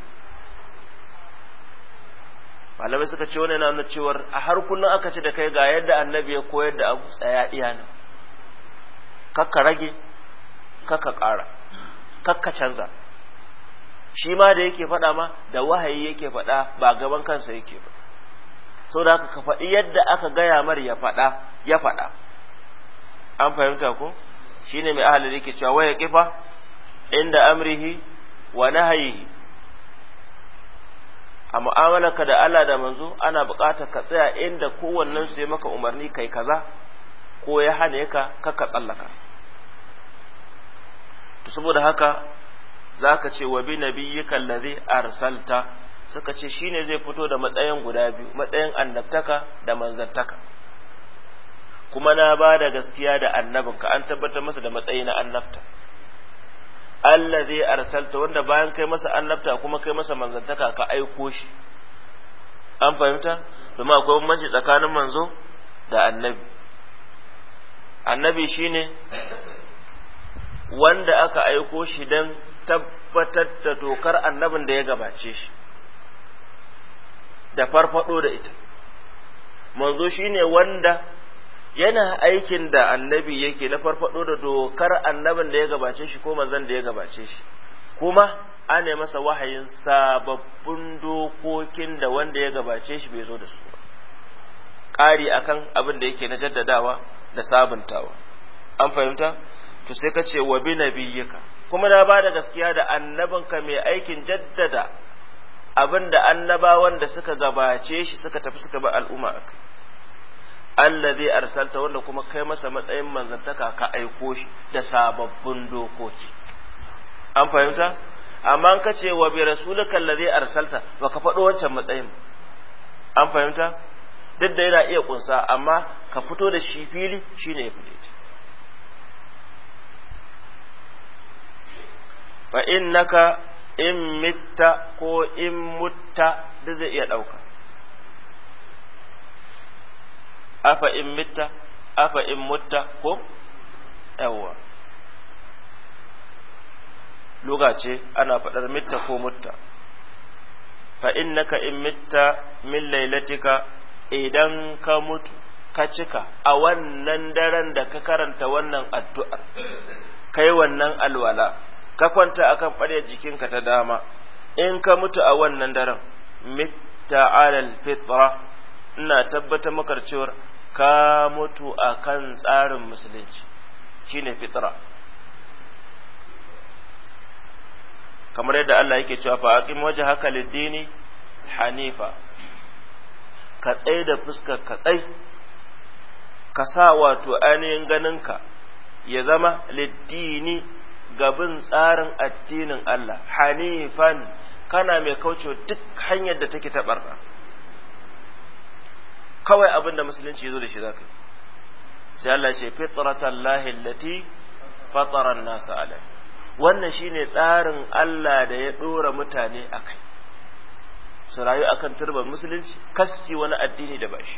malamai suka ce wani na nuna cewar a har kullum aka ce da kai ga yadda annabi ya koyar da abu tsaya iya nan kakka rage kakka kara kakka canza shi ma da yake faɗa ma da wahayi yake faɗa ba gaban kansa yake ba so da ka faɗi yadda aka gaya mar ya faɗa ya faɗa an fahimta ko shine mai ahalin yake cewa waya kifa inda amrihi wa nahayihi a mu'amalarka da Allah da manzo ana buƙatar ka tsaya inda kowannen su maka umarni kai kaza ko ya hane ka ka tsallaka to saboda haka zaka ce wa bi nabiyyika allazi arsalta suka ce shine zai fito da matsayin guda biyu matsayin annabtaka da manzantaka kuma na ba da gaskiya da annabinka an tabbatar masa da matsayi na annabta allazi arsalta wanda bayan kai masa annabta kuma kai masa manzantaka ka aiko shi an fahimta domin akwai bambanci tsakanin manzo da annabi annabi shine wanda aka aiko shi dan tabbatar da dokar annabin da ya gabace shi da farfado da ita manzo shine wanda yana aikin da annabi yake na farfado da dokar annabin da ya gabace shi ko manzon da ya gabace shi kuma ana masa wahayin sababbin dokokin da wanda ya gabace shi bai zo da su ƙari akan abin da yake na jaddadawa da sabuntawa an fahimta to sai ka ce wa bi nabiyyika kuma na ba da gaskiya da annabinka mai aikin jaddada abin da annabawan da suka gabace shi suka tafi suka ba al'umma a kai allazi arsalta wanda kuma kai masa matsayin manzantaka ka aiko shi da sababbin dokoki an fahimta amma ka ce wa bi rasulika allazi arsalta ka faɗo wancan matsayin an fahimta duk da yana iya kunsa amma ka fito da shi fili shine ya fito fa innaka in mitta ko in mutta duk zai iya ɗauka afa in mitta afa in mutta ko yawwa Lugace ana faɗar mitta ko mutta fa innaka in mitta min lailatika idan ka mutu ka cika a wannan daren da ka karanta wannan addu'ar kai wannan alwala ka kwanta akan ɓaryar jikinka ta dama in ka mutu a wannan daren mitta alal fitra ina tabbatar maka cewa ka mutu akan tsarin musulunci shine fitra kamar yadda Allah yake cewa fa aqim wajhaka lid-dini hanifa ka tsaye da fuskar ka tsaye ka sa wato ainihin ganinka ya zama lid gabin tsarin addinin Allah hanifan kana mai kaucewa duk hanyar da take tabarra kawai abin da musulunci yazo da shi zaka sai Allah ce lahi allati fatara an-nas alai wannan shine tsarin Allah da ya dora mutane akai su rayu akan turban musulunci kasti wani addini da bashi shi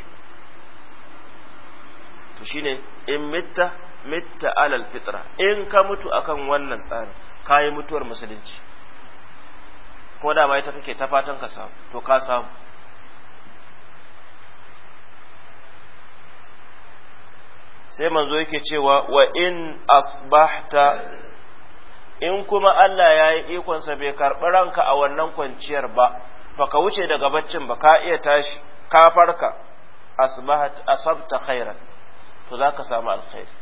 to shine in mitta mitta alal fitra in ka mutu akan wannan tsarin yi mutuwar musulunci ko da ma ita kake ta fatan ka samu to ka samu sai manzo yake cewa wa in asbahta in kuma Allah ya yi ikonsa bai karɓi ranka a wannan kwanciyar ba ba ka wuce daga baccin ba ka iya tashi ka farka asbahta asabta khairan to zaka samu alkhairi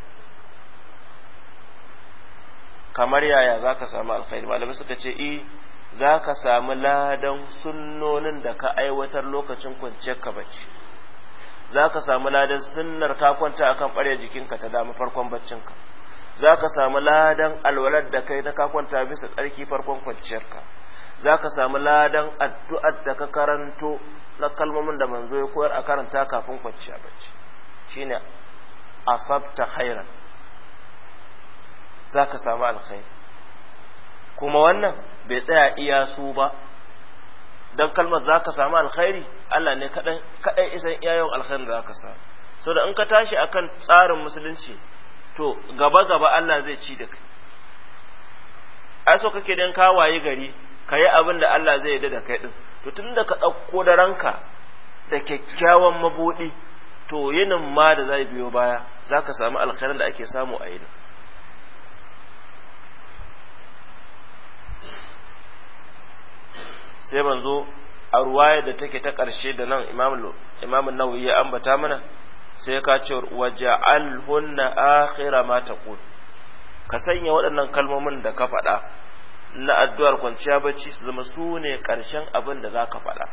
kamar yaya za ka samu alkhairi malamai suka ce i eh, za ka samu ladan sunnonin da ka aiwatar lokacin kwanciyar ka bacci za ka samu ladan sunnar ka kwanta akan ɓarya jikinka ta dama farkon baccinka za ka samu ladan alwalar da kai na ka kwanta bisa tsarki farkon kwanciyarka za ka samu ladan addu'ar da ka karanto na kalmomin da manzo ya koyar a karanta kafin kwanciya bacci shine asabta khairan za ka samu alkhairi kuma wannan bai tsaya iya su ba don kalmar za ka samu alkhairi Allah ne kaɗai isan iyayen alkhairi da za ka samu so da in ka tashi akan tsarin musulunci to gaba gaba Allah zai ci da kai ai so kake dan ka waye gari ka yi abin da Allah zai yarda da kai din to tun da ka ɗauko da ranka da kyakkyawan mabuɗi to yinin ma da zai biyo baya za ka samu alkhairin da ake samu a yinin sai zo a ruwaye da take ta ƙarshe da nan imamun nawawi ya ambata mana sai ka ce waja'al hunna akhira ma taqul ka sanya waɗannan kalmomin da ka faɗa na addu'ar kwanciya bacci su zama su ne ƙarshen abin da za ka faɗa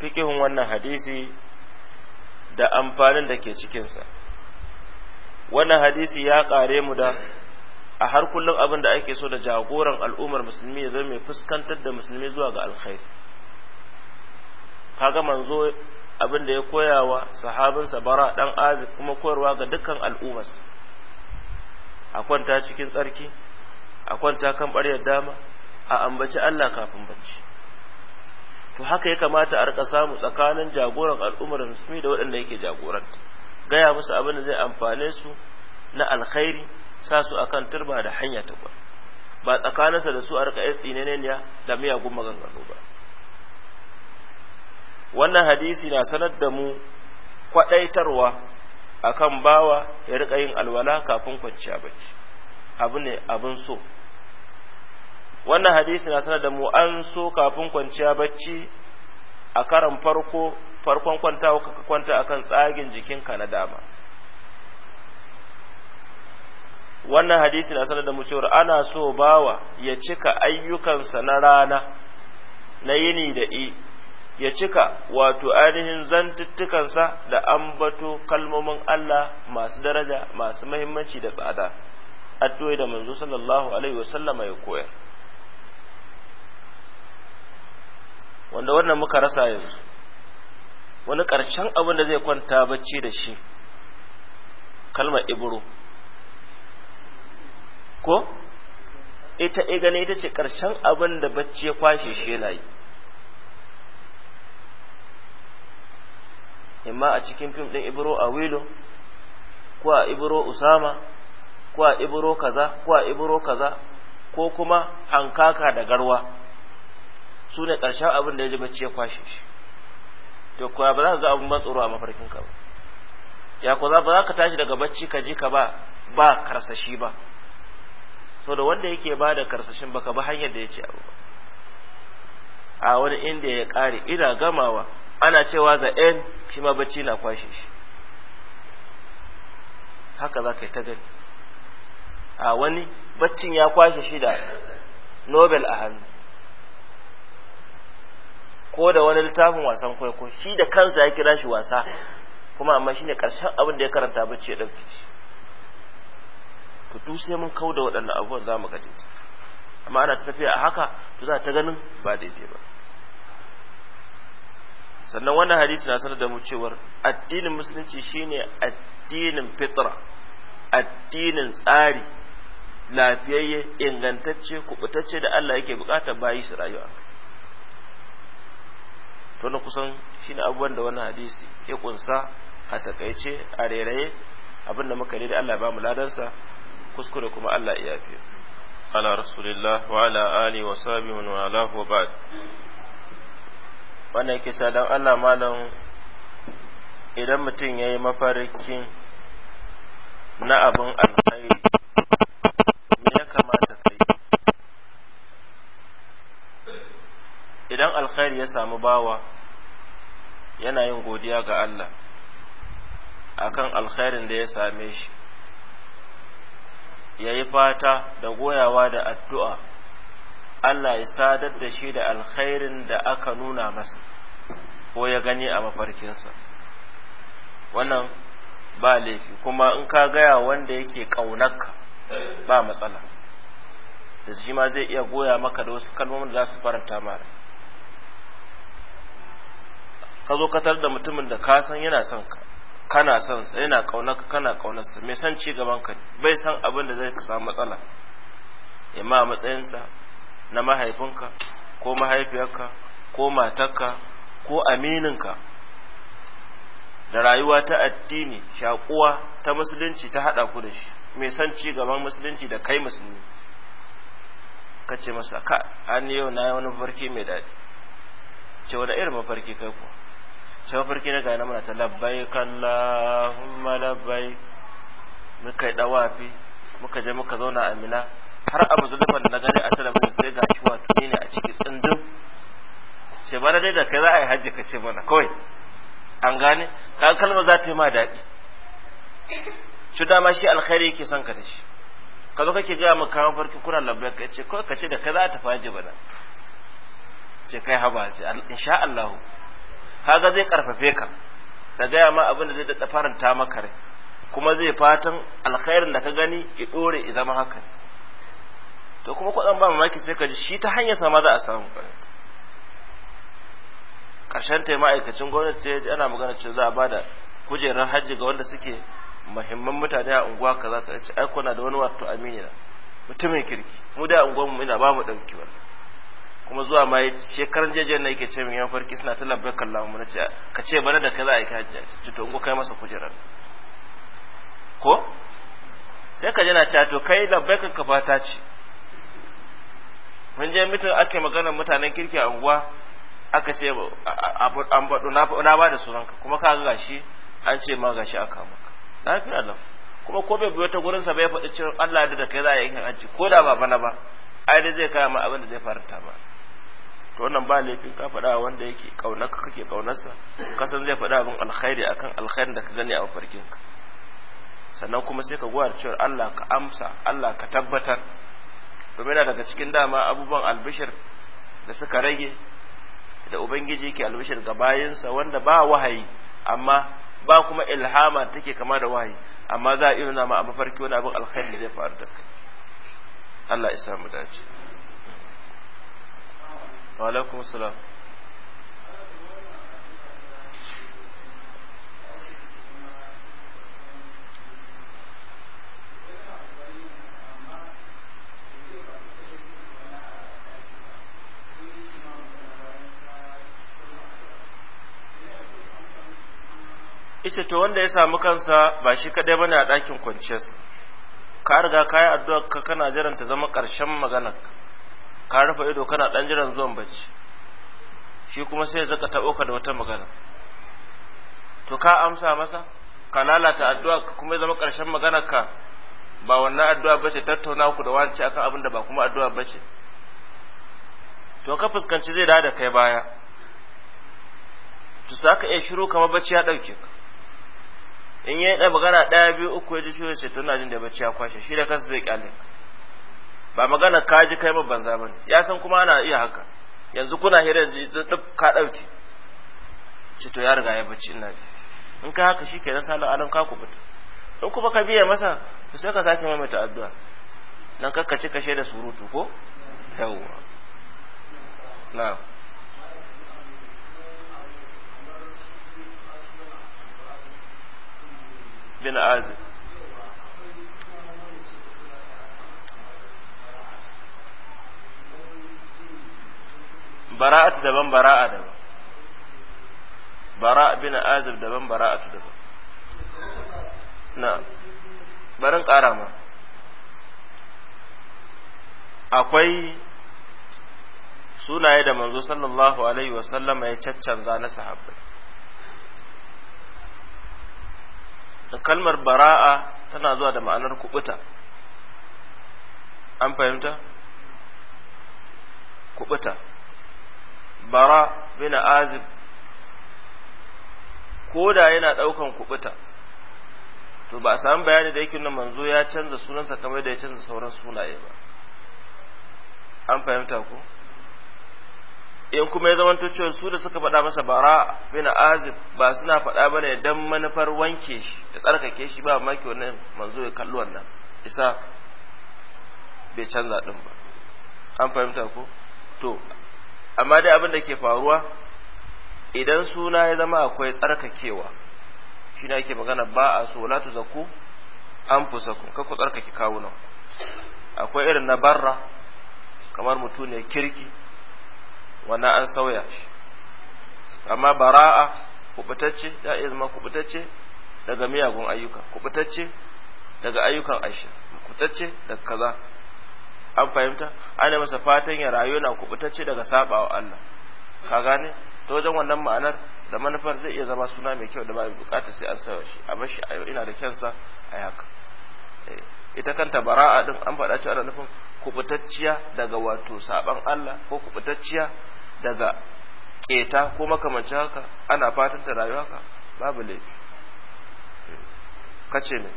fikihun wannan hadisi da amfanin da ke cikinsa wannan hadisi ya kare mu da a har kullum abin da ake so da jagoran al'ummar musulmi ya zama mai fuskantar da musulmi zuwa ga alkhairi kaga manzo abin da ya koya wa sahabinsa bara dan azib kuma koyarwa ga dukkan al'ummarsa a kwanta cikin tsarki a kwanta kan ɓaryar dama a ambaci Allah kafin bacci to haka ya kamata a rika samu tsakanin jagoran al'ummar musulmi da waɗanda yake jagoranta gaya musu abin da zai amfane su na alkhairi sa su akan turba da hanya ta kwa ba tsakaninsa da su a rika yi tsinaniya da miyagun maganganu ba wannan hadisi na sanar da mu kwadaitarwa akan bawa ya rika yin alwala kafin kwanciya bacci abu ne abin so wannan hadisi na sanar da mu an so kafin kwanciya bacci a karan farko farkon kwanta ka kwanta akan tsagin jikinka na dama wannan hadisi na sanar da mu cewa ana so bawa ya cika ayyukansa na rana na yini da i ya cika wato ainihin zantuttukansa da ambato kalmomin Allah masu daraja masu mahimmanci da tsada addu'o'i da manzo sallallahu alaihi wasallama ya koyar wanda wannan muka rasa yanzu wani ƙarshen abin da zai kwanta bacci da shi kalmar ibro ko ita e eh, gane ita ce ƙarshen abin da bacci ya kwashe shi na yi imma a cikin fim ɗin ibro a wilo ko a ibro usama ko a ibro kaza ko a ibro kaza ko kuma hankaka da garwa su ne ƙarshen abin da ya ji bacci ya kwashe shi to kuwa ba za ka ga abin tsoro a mafarkin ka ba ya ko ba za ka tashi daga bacci ka ji ka ba ba karsashi ba so da wanda yake ba da karsashin baka ba hanyar da ya ce abu ba a wani inda ya ƙare ina gamawa ana cewa za en shi ma bacci na kwashe shi haka za ka yi ta gani a wani baccin ya kwashe shi da nobel a hannu ko da wani littafin wasan kwaikwayo shi da kansa ya kira shi wasa kuma amma shine karshen abin da ya karanta bacci ya dauke shi to duk sai mun kau da waɗannan abubuwan za ga daidai amma ana tafiya a haka to za ta ganin ba daidai ba sannan wannan hadisi na sanar da mu cewar addinin musulunci shine addinin fitra addinin tsari lafiyayye ingantacce kubutacce da Allah yake bukata bayi su rayuwa to na kusan shi ne abubuwan da wannan hadisi ya kunsa a takaice a rairaye abinda muka muka da Allah ba mu ladansa kuskure kuma Allah ya fi. ala rasulillah wa ala ali wa sabi wa ala wa ba wannan kisa sa dan Allah malam idan mutum yayi mafarkin na abin alkhairi alkhairi ya samu bawa yana yin godiya ga Allah akan alkhairin da ya same shi yayi fata da goyawa da addu'a Allah ya sadar da shi da alkhairin da aka nuna masa ko ya gani a mafarkinsa wannan ba laifi kuma in ka gaya wanda yake kaunarka ba matsala da shi ma zai iya goya maka da wasu kalmomin da za su faranta mara ka zo katar da mutumin da ka san yana son ka kana son sa yana kauna ka kana kaunar sa mai san ci gaban ka bai san abin da zai ka samu matsala ya matsayin matsayinsa na mahaifinka ko mahaifiyarka ko matarka ko amininka da rayuwa ta addini shakuwa ta musulunci ta hada ku da shi mai san ci gaban musulunci da kai musulmi ka ce masa ka an yau na wani farki mai daɗi ce wani irin mafarki kai kuwa sai mafarki daga gane muna ta labbai kallahumma labbai muka yi dawafi muka je muka zauna a har abu zulufan na gani a talabijin sai ga shi wato ne a ciki tsindin ce bana dai da kai za a yi hajji ka ce mana kawai an gane ka kalma za ta yi ma daɗi shi dama shi alkhairi yake son ka da shi ka zo kake gaya maka kama farki kuna labbai ka ce kawai ka ce da kai za a tafi hajji bana ce kai haba sai insha Allahu kaga zai karfafe ka da gaya ma abin da zai da faranta maka rai kuma zai fatan alkhairin da ka gani ya dore ya zama haka to kuma kwaɗan ba mamaki sai ka ji shi ta hanyar sama za a samu Karshen ta ma'aikacin gwamnati ana magana ce za a ba da kujerar hajji ga wanda suke muhimman mutane a unguwa kaza ka ce ai kuna da wani wato amina mutumin kirki mu da unguwanmu ina ba mu ɗauki wannan kuma zuwa ma shekaran jejen na yake ce min yan farki suna ta labbar kallon mu ce ka ce bana da ka za a yi hajji ce to in kai masa kujerar ko sai ka jana cewa to kai labbar ka kafa ta ce mun je mutum ake maganar mutanen kirki a unguwa aka ce an bado na ba da sunanka kuma ka ga gashi an ce ma gashi aka maka lafiya lam kuma ko bai biyo ta gurin sa bai faɗi cewa Allah da kai za a yi hajji ko da ba bana ba ai dai zai kaya ma abin da zai faranta ba to wannan ba laifin ka faɗa wanda yake ka, kake kaunarsa kasan zai faɗa abin alkhairi akan alkhairin da ka gani a mafarkin ka, sannan kuma sai ka da cewar Allah ka amsa Allah ka tabbatar domin yana daga cikin dama abubuwan albishir da suka rage da ubangiji yake albishir ga bayansa wanda ba wahayi amma ba kuma ilhama take kama da wahayi amma za a iya nuna ma a mafarki wani abin alkhairi zai faru da kai Allah ya samu dace wa alaikum ita to wanda ya samu kansa ba shi kadai bane a ɗakin kwanciyarsa ka riga kayi addu'a ka kana jiran ta zama ƙarshen maganar ka rufe ido kana dan jiran zuwan bacci shi kuma sai zaka taɓo ka da wata magana to ka amsa masa ka lalata addu'a ka kuma zama ƙarshen magana ka ba wannan addu'a bace tattauna ku da wani akan abin da ba kuma addu'a bace to ka fuskanci zai da kai baya to saka iya shiru kamar bacci ya dauke ka in yayi da magana daya biyu uku ya ji shiru sai to na jin da bacci ya kwashe shi da kansa zai kyale ka ba magana ka ji kai min banza bane ya san kuma ana iya haka yanzu kuna hira duk ka dauke ci to ya riga ya bacci ina ji in ka haka shi kenan salon alam ka kubuta in kuma ka biya masa to sai ka sake mata addu'a nan kakka ci kashe da surutu ko yawwa na bin azib bara'atu daban bara'a daban bara'a bin azib daban bara'atu daban na barin ƙara ma akwai sunaye da manzo sallallahu alaihi wasallama ya caccanza na sahabbai da kalmar bara'a tana zuwa da ma'anar kubuta an fahimta kubuta bara bin azib ko da yana ɗaukan kubuta to ba a samu bayani da yake nuna manzo ya canza sunansa kamar da ya canza sauran sunaye ba an fahimta ko in kuma ya zamanto cewa su da suka faɗa masa bara bin azib ba suna faɗa bane dan manufar wanke shi da tsarkake shi ba maki wannan manzo ya kalli wannan isa bai canza din ba an fahimta ko to amma dai abin da ke faruwa idan suna ya zama akwai tsarkakewa shi ne ake magana ba a so latu zaku an ku kakku tsarkake kawunan akwai irin na barra kamar mutum ne kirki wannan an sauya shi amma bara'a kubutacce ya iya zama kubutacce daga miyagun ayyuka kubutacce daga ayyukan aisha kubutacce daga kaza an fahimta ana masa fatan ya rayu na kubutacce daga sabawa Allah ka gane ta wajen wannan ma'anar da manufar zai iya zama suna mai kyau da ba bukata sai an sawa shi a bashi ina da kyansa a haka eh, ita kanta bara'a din an faɗa cewa ana nufin kubutacciya daga wato saban Allah ko kubutacciya daga keta ko makamancin haka ana fatan ta rayuwa ka babu laifi eh, kace ne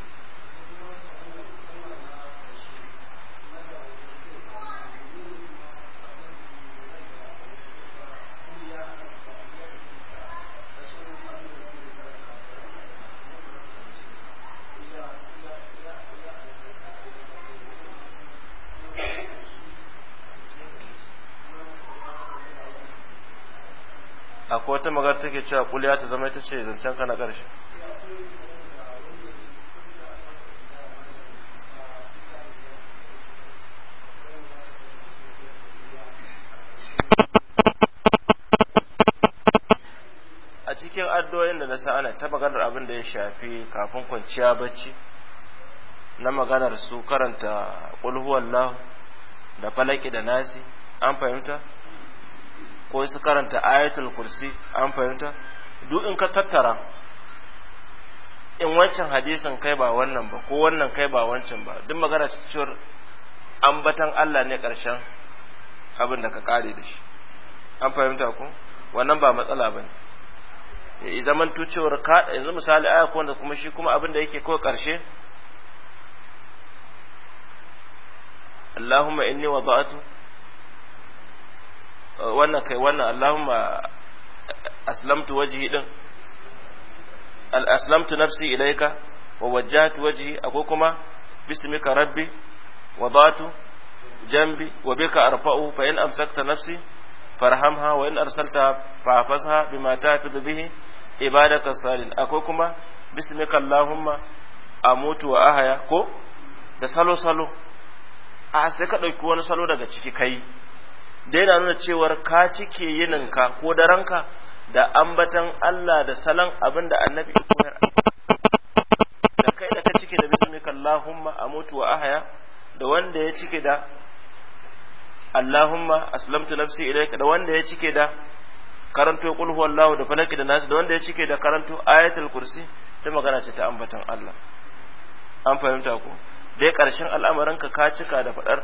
take cewa kuliya ta zama ita ce zancen ka na ƙarshe a cikin addu'o'in da na sa ta maganar abin da ya shafi kafin kwanciya bacci na maganar su karanta ƙulhuwallahu da falaki da nasi an fahimta ko su karanta ayatul kursi an fahimta duk in ka tattara in wancan hadisin kai ba wannan ba ko wannan kai ba wancan ba duk magana ta cewar ambatan Allah ne karshen abin da ka kare da shi an fahimta ku wannan ba matsala bane ya zaman tucewar ka yanzu misali aya ko wanda kuma shi kuma abin da yake ko karshe Allahumma inni wada'tu wannan kai wannan Allahumma aslamtu wajhi din al aslamtu nafsi ilayka wa wajjahtu wajhi akwai kuma bismika rabbi batu jambi wa bika arfa'u fa in amsakta nafsi farhamha wa in arsalta fafasha bima tafidu bihi ibadaka salin akwai kuma bismika allahumma amutu wa ahaya ko da salo salo a sai ka ɗauki wani salo daga ciki kai da yana nuna cewar ka cike yininka ko daranka da ambatan Allah da salon abin da annabi ya koyar da kai da ka cike da bismika Allahumma amutu wa ahaya da wanda ya cike da Allahumma aslamtu nafsi ilayka da wanda ya cike da karanto qul huwallahu da falaki da nasu da wanda ya cike da karanto ayatul kursi ta magana ce ta ambatan Allah an fahimta ko dai karshen al'amarin ka ka cika da fadar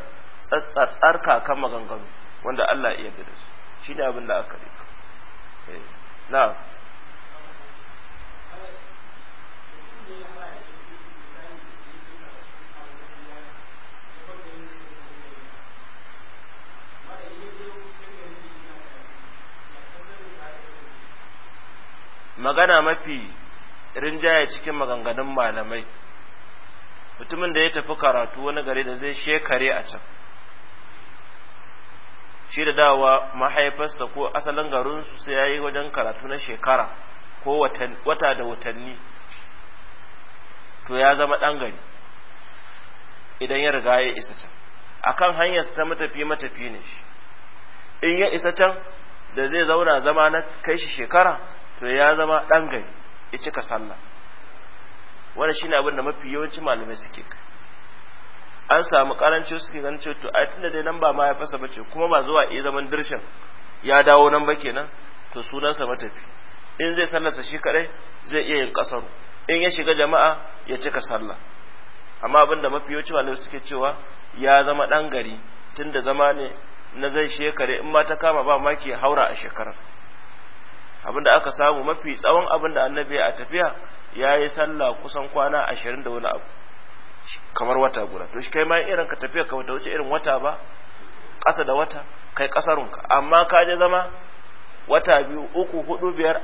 tsatsatsar kan maganganu wanda Allah iya da su shi ne abin da aka rika eh, na magana mafi rinjaya cikin maganganun malamai mutumin da ya tafi karatu wani gari da zai shekare a can shi da dawa mahaifarsa ko asalin garinsu sai ya yi wajen karatu na shekara ko wata da watanni to ya zama ɗan gari idan ya riga ya isa can akan hanyar ta matafi matafi ne shi in ya isa can da zai zauna zama na kai shi shekara to ya zama ɗan gari ya cika sallah wanda shine abin da mafi yawanci malamai suke kai an samu karancin suke ganin cewa to ai tunda dai nan ba ma ya fasa bace kuma ba zuwa iya zaman dirshin ya dawo nan ba kenan to sunansa matafi in zai sallarsa shi kadai zai iya yin kasaru in ya shiga jama'a ya cika sallah amma abinda mafi yawanci malamai suke cewa ya zama dan gari tunda zama ne na zai shekare in ma ta kama ba maki haura a shekarar abinda aka samu mafi tsawon abinda annabi a tafiya ya yi sallah kusan kwana ashirin da wani abu kamar wata guda to shi kai ma irin ka tafiya ka wata wuce irin wata ba ƙasa da wata kai ƙasarunka amma ka je zama wata biyu uku hudu biyar